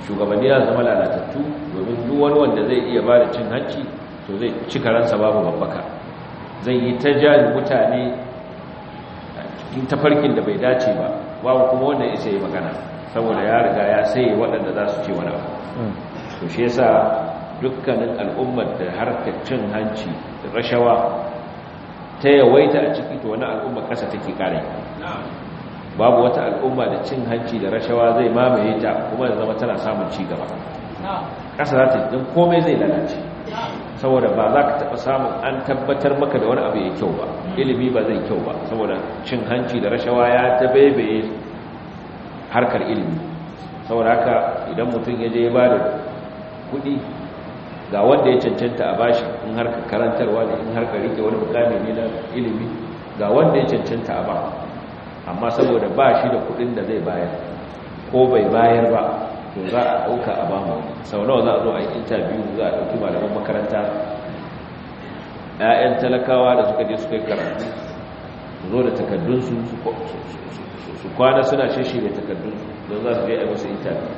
shugabanni na zama lalatattu domin duk wani wanda zai iya bada cin hanci to zai ci karansa babu babbaka zai yi ta jari mutane in tafarkin da bai dace ba babu kuma wanda isa yi magana saboda ya riga ya sai waɗanda za su ce wani abu hmm. to shi yasa dukkanin al'ummar da harkar cin hanci rashawa ta yawaita a ciki to wani al'ummar ƙasa take kare babu wata al'umma da cin hanci da rashawa zai mamaye ta kuma da zama tana samun ci gaba ƙasa za ta yi don komai zai lalace saboda ba za ka taɓa samun an tabbatar maka da wani abu ya kyau ba ilimi ba zai kyau ba saboda cin hanci da rashawa ya ta harkar ilimi saboda haka idan mutum ya je ba da kuɗi ga wanda ya cancanta a bashi in harka karantarwa ne in harka rike wani bukami ne na ilimi ga wanda ya cancanta a ba amma saboda ba shi da kudin da zai bayar ko bai bayar ba to za a ɗauka a bamu sau nawa za a zo a yi intabiyu za a ɗauki malaman makaranta ‘ya'yan talakawa da suka je suka yi karatu su zo da takardunsu su kwana suna shashi da takardunsu don za su je a yi wasu interview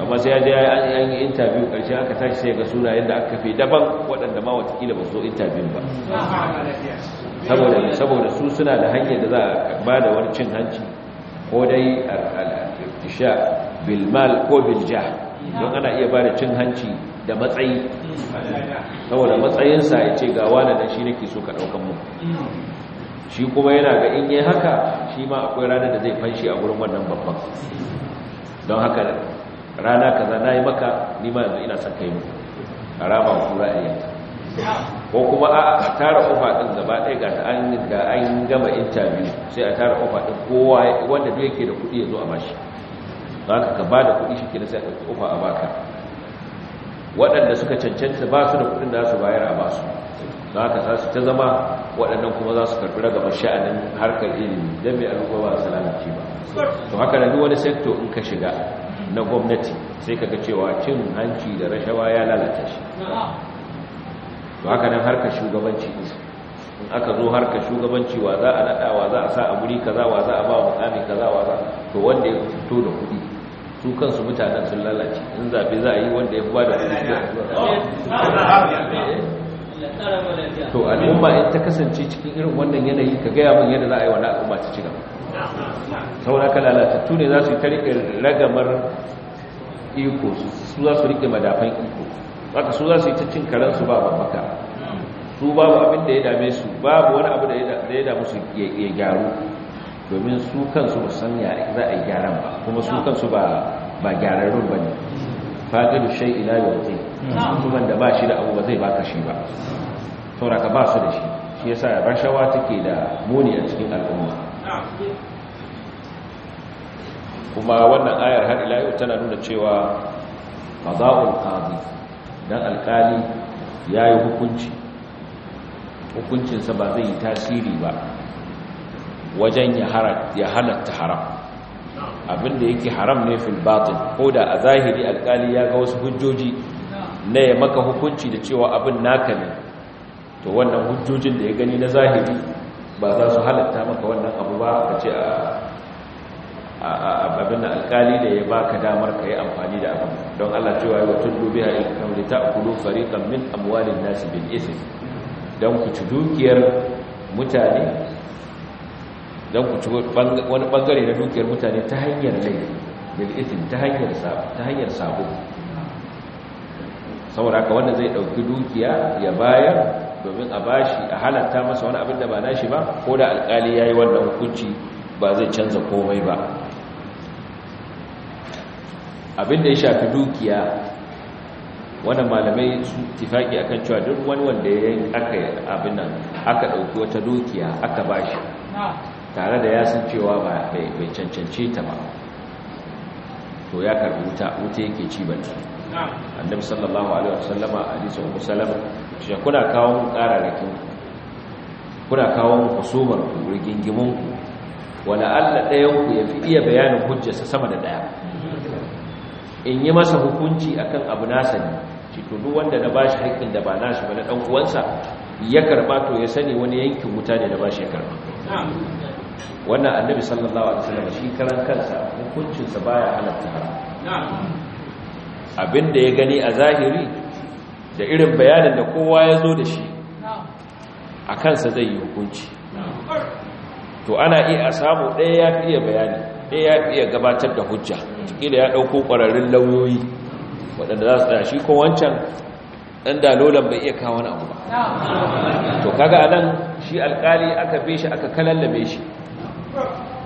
amma sai ya je an yi intabiyu ƙarshe aka tashi sai ga suna yadda aka fi daban waɗanda ma watakila ba su zo intabiyu ba saboda su suna da hanyar da za a ba da wani cin hanci ko dai al bilmal ko bilja don ana iya ba da cin hanci da matsayi saboda matsayinsa ya ce ga wane da shi nake so ka ɗaukan mu shi kuma yana ga in yi haka shi ma akwai ranar da zai fanshi a gurin wannan babban don haka rana kaza na yi maka nima yanzu ina son kai mu a rama kura a ko kuma a tara ofa ɗin gaba ɗaya ga an gama intabi sai a tara ofa ɗin kowa wanda duk yake da kuɗi ya zo a mashi za ka ka da kuɗi shi ke sai a ɗauki a baka waɗanda suka cancanta ba su da kuɗin da za su bayar a basu za ka sa su ta zama waɗannan kuma za su karɓi ragabar sha'anin harkar ilimi don mai al'umma ba su lalace ba to haka da duk wani sekto in ka shiga na gwamnati sai ka ga cewa cin hanci da rashawa ya lalata shi to haka nan harkar shugabanci in aka zo harkar shugabanci wa za a naɗa wa za a sa a kaza wa za a ba mukami kaza wa za to wanda ya fito da kuɗi su kansu mutanen sun lalace in zaɓe za a yi wanda ya ba da to al'umma in ta kasance cikin irin wannan yanayi ka gaya min yadda za a yi wani al'umma ta ci gaba saboda ka lalata. Tune za su yi riƙe ragamar iko su za su riƙe madafan iko haka su za su yi ta cin su ba babaka. su babu abin da ya dame su babu wani abu da ya damu su ya gyaru domin su kansu musan ya za a yi gyaran ba kuma su kansu ba gyararrun ba ne fadilu shai ila yau zai da ba shi da abu ba zai baka shi ba ka ba su da shi shi yasa rashawa take da muni a cikin al'umma kuma wannan ayar har ila yau tana nuna cewa maza'ul qadi dan alkali yayi hukunci hukuncinsa ba zai yi tasiri ba wajen ya halatta haram abinda yake haram ne fil batin ko da a zahiri alkali ya ga wasu hujjoji na ya maka hukunci da cewa abin naka ne to wannan hujjojin da ya gani na zahiri ba za su halatta maka wannan abu ba ka ce a abin da alkali da ya baka damar ka yi amfani da abin don Allah ce wa dubi tullu biha ilkam li fari kan min amwalin nas bil ithm don ku ci dukiyar mutane don ku ci wani bangare na dukiyar mutane ta hanyar laifi ta hanyar ta hanyar sabo saboda haka wanda zai ɗauki dukiya ya bayar domin a bashi a halatta masa wani abin da ba nashi ba ko da alkali yi wannan hukunci ba zai canza komai ba abin da ya shafi dukiya wanda malamai su tifaki kan cewa duk wani wanda ya aka abin nan aka dauki wata dukiya aka bashi tare da ya san cewa ba bai cancanci ta ba to ya karbi wuta wuta yake ci ba ce annabi sallallahu alaihi wasallama hadisi ummu salama shi kuna kawo mun ku kuna kawo mun kusumar ku rigingimun ku wala alla dayan ku yafi iya bayanin hujjarsa sama da daya in yi masa hukunci akan abu nasa ne shi to duk wanda na bashi haƙƙin da ba nashi ba na dan uwansa ya karba to ya sani wani yankin wuta ne da bashi ya karba wannan annabi sallallahu alaihi wasallam shi karan kansa hukuncinsa baya halatta haram abinda ya gani a zahiri da irin bayanin da kowa ya zo da shi a kansa zai yi hukunci to ana iya a samu ɗaya ya fi iya bayani ɗaya ya fi iya gabatar da hujja cikin ya ɗauko ƙwararrun lauyoyi waɗanda za su tashi ko wancan ɗan dalolan bai iya kawo wani abu ba to kaga anan shi alƙali aka fi aka kalallabe shi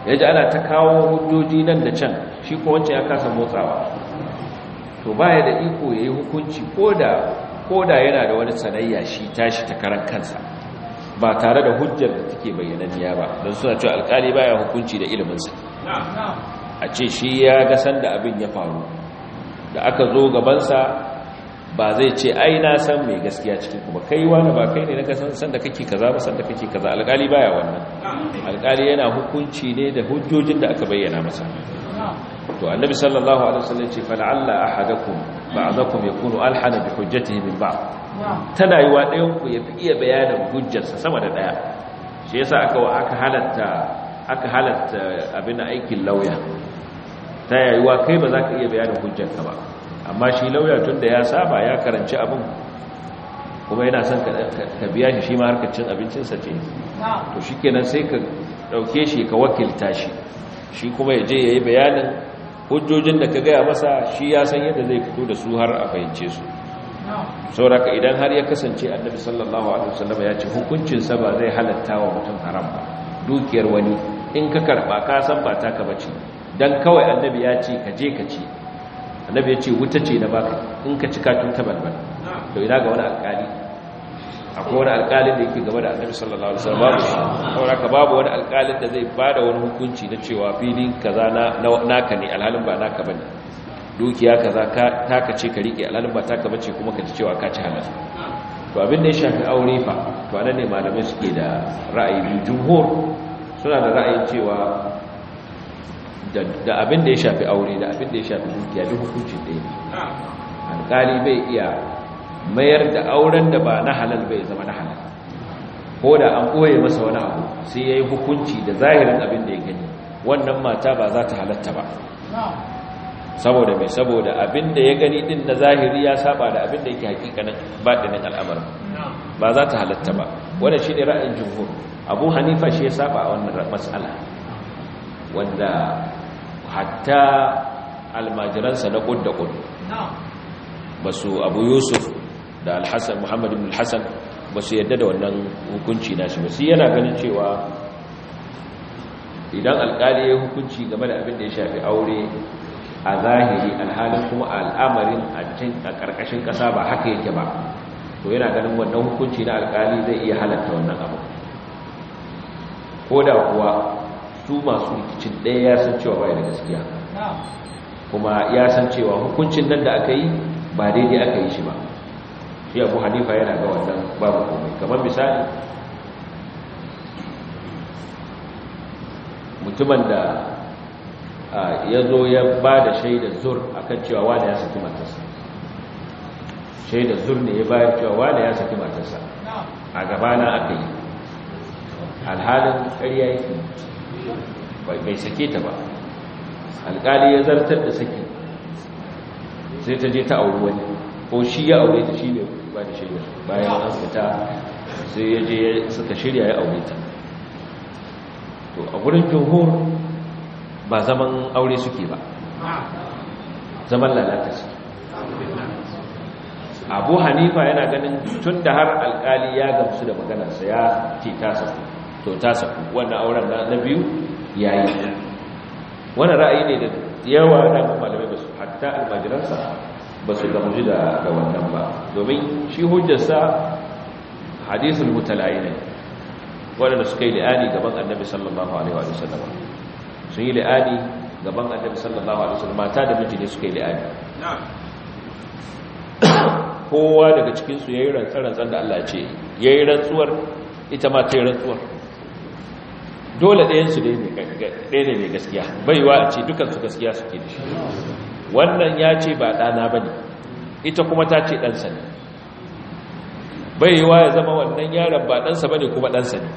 ya ji ana ta kawo hujjoji nan da can shi ko wancan ya kasa motsawa to baya da iko ya yi hukunci ko da yana da wani sanayya shi tashi ta karan kansa ba tare da hujjar da take bayyananniya ba don suna cewa alkali baya hukunci da iliminsa a ce shi ya ga sanda abin ya faru da aka zo gabansa ba zai ce ai na san mai gaskiya cikin kuma kai wani ba kai ne na kasan sanda kake kaza ba sanda kake kaza alkali baya wannan alkali yana hukunci ne da hujjojin da aka bayyana masa to annabi sallallahu alaihi wasallam ce fa la'alla ahadakum ba'dakum yakunu alhana bi hujjatihi min ba'd tana yi wa ɗayan ku fi iya bayanin hujjarsa sama da ɗaya shi yasa aka aka halatta aka halatta abin aikin lauya ta yayuwa kai ba za ka iya bayanin hujjarka ba amma shi lauya tun da ya saba ya karanci abin kuma yana son ka biya shi shi ma harkar cin abincinsa ce to shi kenan sai ka ɗauke shi ka wakilta shi shi kuma ya je ya yi bayanin hujjojin da ka gaya masa shi ya san yadda zai fito da su har a fahimce su sauraka idan har ya kasance annabi sallallahu alaihi wasallam ya ce hukuncinsa ba zai halatta wa mutum haram ba dukiyar wani in ka karba ka san ba taka bace dan kawai annabi ya ce ka je ka ci annabi ya ce wuta ce na baka in ka cika tun ta balbal to ina ga wani alkali akwai wani alkalin da yake gaba da annabi sallallahu alaihi wasallam babu haka babu wani alkalin da zai bada wani hukunci na cewa filin kaza na naka ne alhalin ba naka bane dukiya kaza ka taka ce ka rike alhalin ba taka bace kuma ka ji cewa ka ci halal to abin da ya shafi aure fa to anan ne malamai suke da ra'ayi jumhur suna da ra'ayin cewa da abin da ya shafi aure da abin da ya shafi dukiya duk hukuncin da ya alƙali bai iya mayar da auren da ba na halal bai zama na halal ko da an koye masa wani abu sai ya yi hukunci da zahirin abin da ya gani wannan mata ba za ta halatta ba saboda mai saboda abin da ya gani ɗin na zahiri ya saba da abin da yake hakikanin baɗinin al'amar ba za ta halatta ba wadda shi ne ra'ayin jumhur abu hanifa shi ya saba a wannan matsala wanda hatta almajiransa na kud da kud ba su abu yusuf da alhassan muhammadu bin alhassan ba su yadda da wannan hukunci nashi ba su yana ganin cewa idan alkali ya hukunci game da abin da ya shafi aure a zahiri alhalin kuma al'amarin a ƙarƙashin ƙasa ba haka yake ba to yana ganin wannan hukunci na alkali zai iya halatta wannan abu ko da kuwa su masu rikicin ɗaya ya san cewa bai da gaskiya kuma ya san cewa hukuncin nan da aka yi ba daidai aka yi shi ba shi abu hanifa yana ga wannan babu komai kamar misali mutumin da ya zo ya ba da shaidar zur a kan cewa wane ya saki matarsa shaidar zur ne ya bayar cewa wane ya saki matarsa a gabana aka yi alhalin ƙarya yake bai sake ta ba alƙali ya zartar da saki sai ta je ta auri wani ko shi ya aure ta shi ne ba da shirya bayan an fita sai ya je suka shirya ya aure ta to a gurin juhu ba zaman aure suke ba zaman lalata suke abu hanifa yana ganin tun da har alkali ya gamsu da maganarsa ya ce tasa to tasa wannan auren na biyu yayi wannan wani ra'ayi ne da yawa da malamai ba su hatta almajiransa ba su gamuji da wannan ba domin shi hujjarsa hadisul mutala'i ne waɗanda suka yi li'ani gaban annabi sallallahu alaihi wa sallam sun yi li'ani gaban annabi sallallahu alaihi wa sallam mata da miji ne suka yi li'ani kowa daga cikinsu ya yi rantsar da Allah ce ya yi rantsuwar ita ma ta yi rantsuwar dole ɗayansu ɗaya ne mai gaskiya baiwa a ce dukansu gaskiya suke da shi wannan ya ce ba ɗana ba ne ita kuma ta ce ɗansa ne baiwa ya zama wannan yaron ba ɗansa ba ne kuma ɗansa ne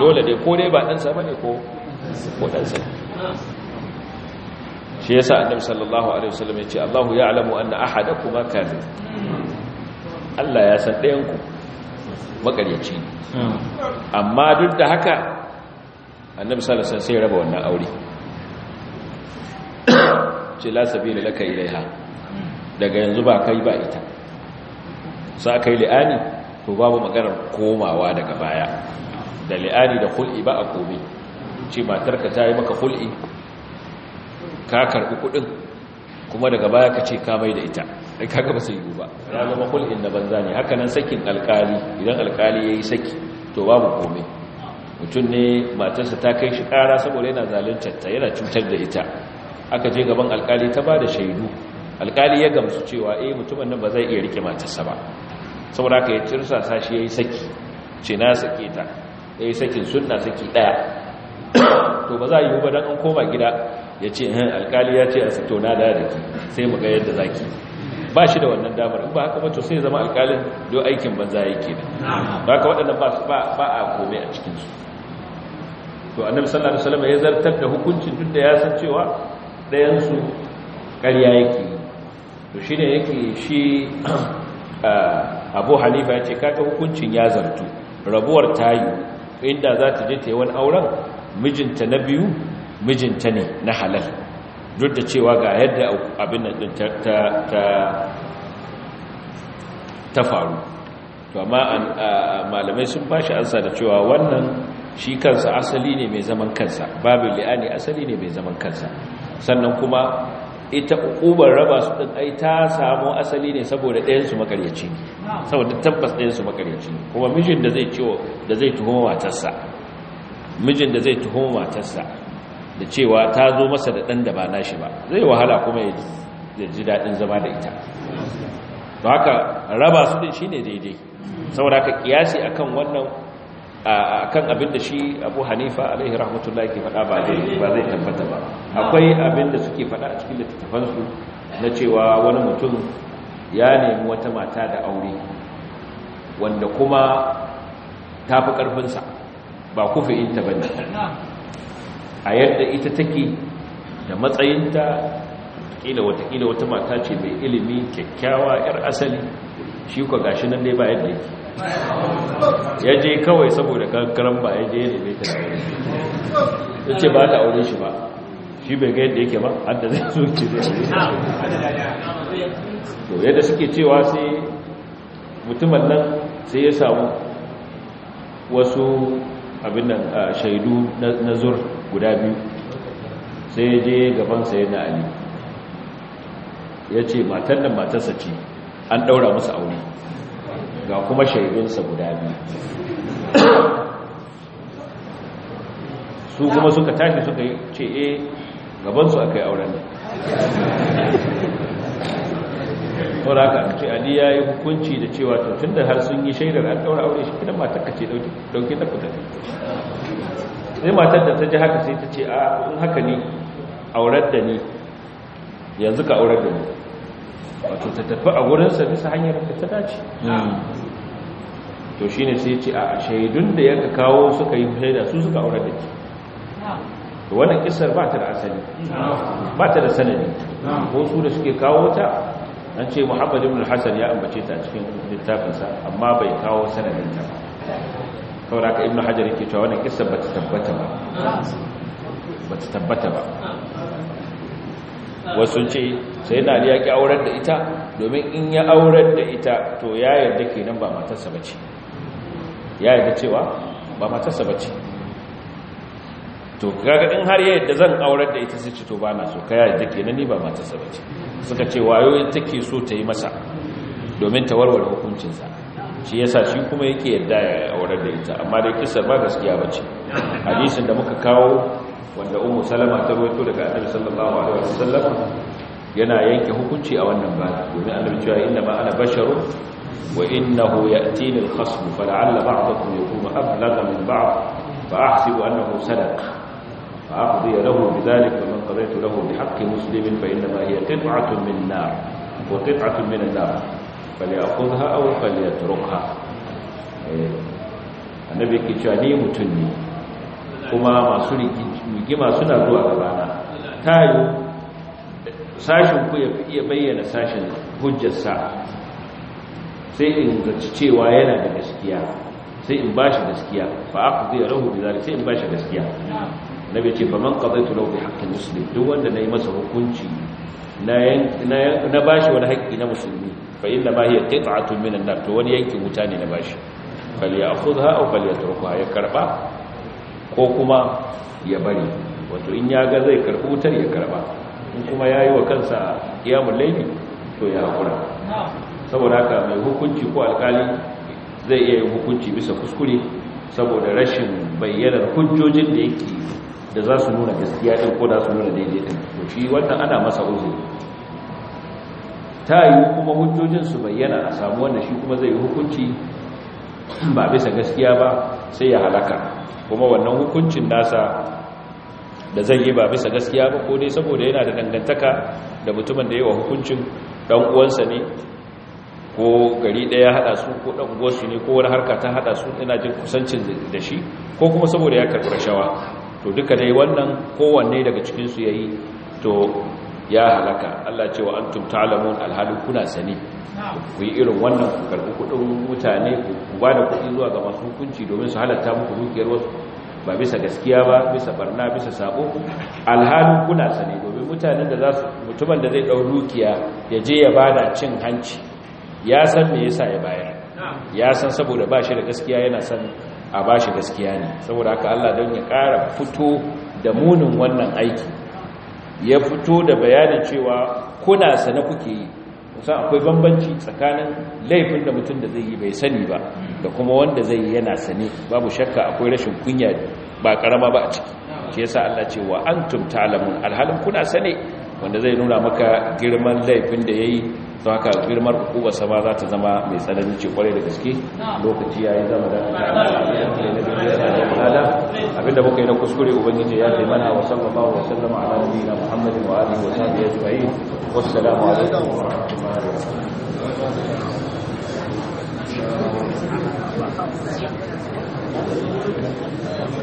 dole ne ko dai ba ɗansa ba ne ko ɗansa ne shi yasa annabi sallallahu alaihi wasallam ya ce Allahu ya'lamu anna kuma kare. Allah ya san ɗayan ku makaryaci ne hmm. amma duk da haka annabi sallallahu alaihi wasallam raba wannan aure ce la sabila laka ilaiha daga yanzu ba kai ba ita sa kai li'ani to babu maganar komawa daga baya da li'ani da khul'i ba a komai ce matarka ta yi maka khul'i ka karbi kudin kuma daga baya ka ce ka mai da ita ai kaga ba sai yi ba ya zama khul'in da banza ne haka nan sakin alkali idan alkali yayi saki to babu komai mutum ne matarsa ta kai shi kara saboda yana zaluntar ta yana cutar da ita aka je gaban alkali ta ba da shaidu alkali ya gamsu cewa eh mutumin nan ba zai iya rike matarsa ba saboda haka ya cirsa sa shi yi saki ce na sake ta ya yi sakin sunna saki ɗaya to ba za a yi ba dan an koma gida ya ce hin eh, alkali ya ce a sito na da da sai mu ga yadda zaki ba shi da wannan damar in ba haka ba sai zama alkalin do aikin banza yake da haka waɗannan ba a komai a cikinsu. to annabi sallallahu alaihi wasallam ya zartar da hukuncin duk da ya san cewa ɗayan su ƙarya yake to shine yake shi Abu Halifa ya ce kaga hukuncin ya zartu rabuwar tayi inda za ta je ta yi wani auren mijinta na biyu mijinta ne na halal duk da cewa ga yadda abin da ta ta ta faru to amma malamai sun ba shi ansa da cewa wannan shi kansa asali ne mai zaman kansa babin li'ani asali ne mai zaman kansa sannan kuma ita ukubar raba su ɗin ai ta samu asali ne saboda ɗayan su makaryaci saboda tabbas ɗayan su makaryaci kuma mijin da zai ciwo da zai tuhuma matarsa mijin da zai tuhuma matarsa da cewa ta zo masa da ɗan da ba nashi ba zai wahala kuma ya ji daɗin zama da ita ba haka raba su ɗin shi ne daidai saboda haka kiyasi akan wannan kan abin da shi abu hanifa alaihi rahmatullahi ke faɗa ba zai tabbata ba akwai abin da suke faɗa a cikin littattafansu na cewa wani mutum ya nemi wata mata da aure wanda kuma ta fi ƙarfinsa ba inta ba ne a yadda ita take da matsayinta ƙila watakila wata mata ce mai ilimi kyakkyawa 'yar asali shi ko gashi nan dai ba yadda yake ya je kawai saboda kankaran ba ya je ya neme ta ya ce ba ta aure shi ba shi bai ga yadda yake ba hadda zai so ce zai to yadda suke cewa sai mutumin nan sai ya samu wasu abin nan shaidu na zur guda biyu sai ya je gabansa yana ali ya ce matan nan matarsa ce an ɗaura musu aure ga kuma shaidunsa guda biyu su kuma suka tashi suka ce e gabansu aka yi auren nan saboda haka ce ali ya yi hukunci da cewa tun da har sun yi shaidar an ɗaura aure shi idan matar ka ce ɗauke ta fita sai matar da ta ji haka sai ta ce a in haka ne auren da ni yanzu ka auren da ni wato ta tafi a wurinsa bisa hanyar da ta dace hmm. to shine ne sai ce a shaidun da yanka kawo suka yi shaida su suka aure da ke to wannan kisar ba ta da asali ba ta da sanadi ko su da suke kawo ta an ce muhammad ibn hasan ya ambace ta cikin littafinsa amma bai kawo sanadin ta ba kawai da aka ibn hajar yake cewa wannan kisar ba ta tabbata ba ba ta tabbata ba wasu ce sai na ya ki aurar da ita domin in ya aurar da ita to ya yarda kenan ba matarsa bace ya yarda cewa ba matarsa bace to kaga in har ya yarda zan aurar da ita sai ce to ba na so ka yarda kenan ni ba matarsa bace suka ce wayo take so ta yi masa domin ta warware sa shi yasa shi kuma yake yarda ya aurar da ita amma dai kisa ba gaskiya bace hadisin da muka kawo wanda ummu salama ta rawaito daga annabi sallallahu alaihi wasallam yana yanke hukunci a wannan babu domin annabi cewa inna ma ana basharu wa innahu ya'tini al-khasm fala'alla ba'dakum yakunu ablagha min ba'd fa ahsibu annahu sadaqa fa aqdi lahu bidhalik wa man qadaytu lahu bihaqqi muslimin fa inna ma hiya qit'atun min nar wa qit'atun min an-nar falyakhudha aw falyatrukha annabi ke cewa ni mutun ne kuma masu rigidi rigima suna zuwa gabana ta yi sashin ku ya iya bayyana sashen hujjarsa sai in zaci cewa yana da gaskiya sai in ba shi gaskiya fa aka zai rahu da zari sai in ba shi gaskiya na bai ce ba man kazai tulau bi haƙƙin musulmi duk wanda na yi masa hukunci na ba shi wani haƙƙi na musulmi fa inda ba hiya qit'atun min an-nar to wani yankin wuta ne na bashi fal ya'khudha aw fal yatrukuha ya karba ko kuma ya bari wato in ya ga zai karɓi wutar ya karɓa in kuma ya yi wa kansa iyamun laifi to ya kura saboda haka mai hukunci ko alkali zai iya yi hukunci bisa kuskure saboda rashin bayyanar hujjojin da yake da za su nuna gaskiya ɗin ko da su nuna daidai ɗin to shi wannan ana masa uzuri ta yi kuma hujjojin su bayyana a samu wanda shi kuma zai yi hukunci ba bisa gaskiya ba sai ya halaka kuma wannan hukuncin nasa da zai yi ba bisa gaskiya ba ko dai saboda yana da dangantaka da mutumin da yi wa hukuncin ɗan uwansa ne ko gari ɗaya hada su ko dan uwansu ne ko wani harka ta haɗa su yana jin kusancin da shi ko kuma saboda ya karɓi rashawa to duka dai wannan kowanne daga cikin su yayi to ya halaka Allah ce wa antum ta'lamun alhalin kuna sani ku yi irin wannan ku karbi kudin mutane ku ba da kudi zuwa ga masu hukunci domin su halatta muku dukiyar wasu ba bisa gaskiya ba bisa barna bisa sabo alhalin kuna sani domin mutanen da za su mutumin da zai dau dukiya ya je ya bada cin hanci ya san me yasa ya bayar ya san saboda ba shi da gaskiya yana san a ba shi gaskiya ne saboda haka Allah don ya ƙara fito da munin wannan aiki ya fito da bayanin cewa kuna sane kuke yi kusan akwai bambanci tsakanin laifin da mutum da zai yi bai sani ba da kuma wanda zai yi yana sane babu shakka akwai rashin kunya ba karama ba a ciki shi yasa Allah ce wa antum ta'lamun alhalin kuna sane wanda zai nuna maka girman laifin da ya yi don haka girmar hukumar sama za ta zama mai tsananin ce kwarai da gaske lokaci ya yi zama da abinda muka yi na kuskure ubangiji ya fi mana wa sallallahu wa sallama ala nabi na muhammadin wa alihi wa sahbihi ya wassalamu alaikum wa rahmatullahi wa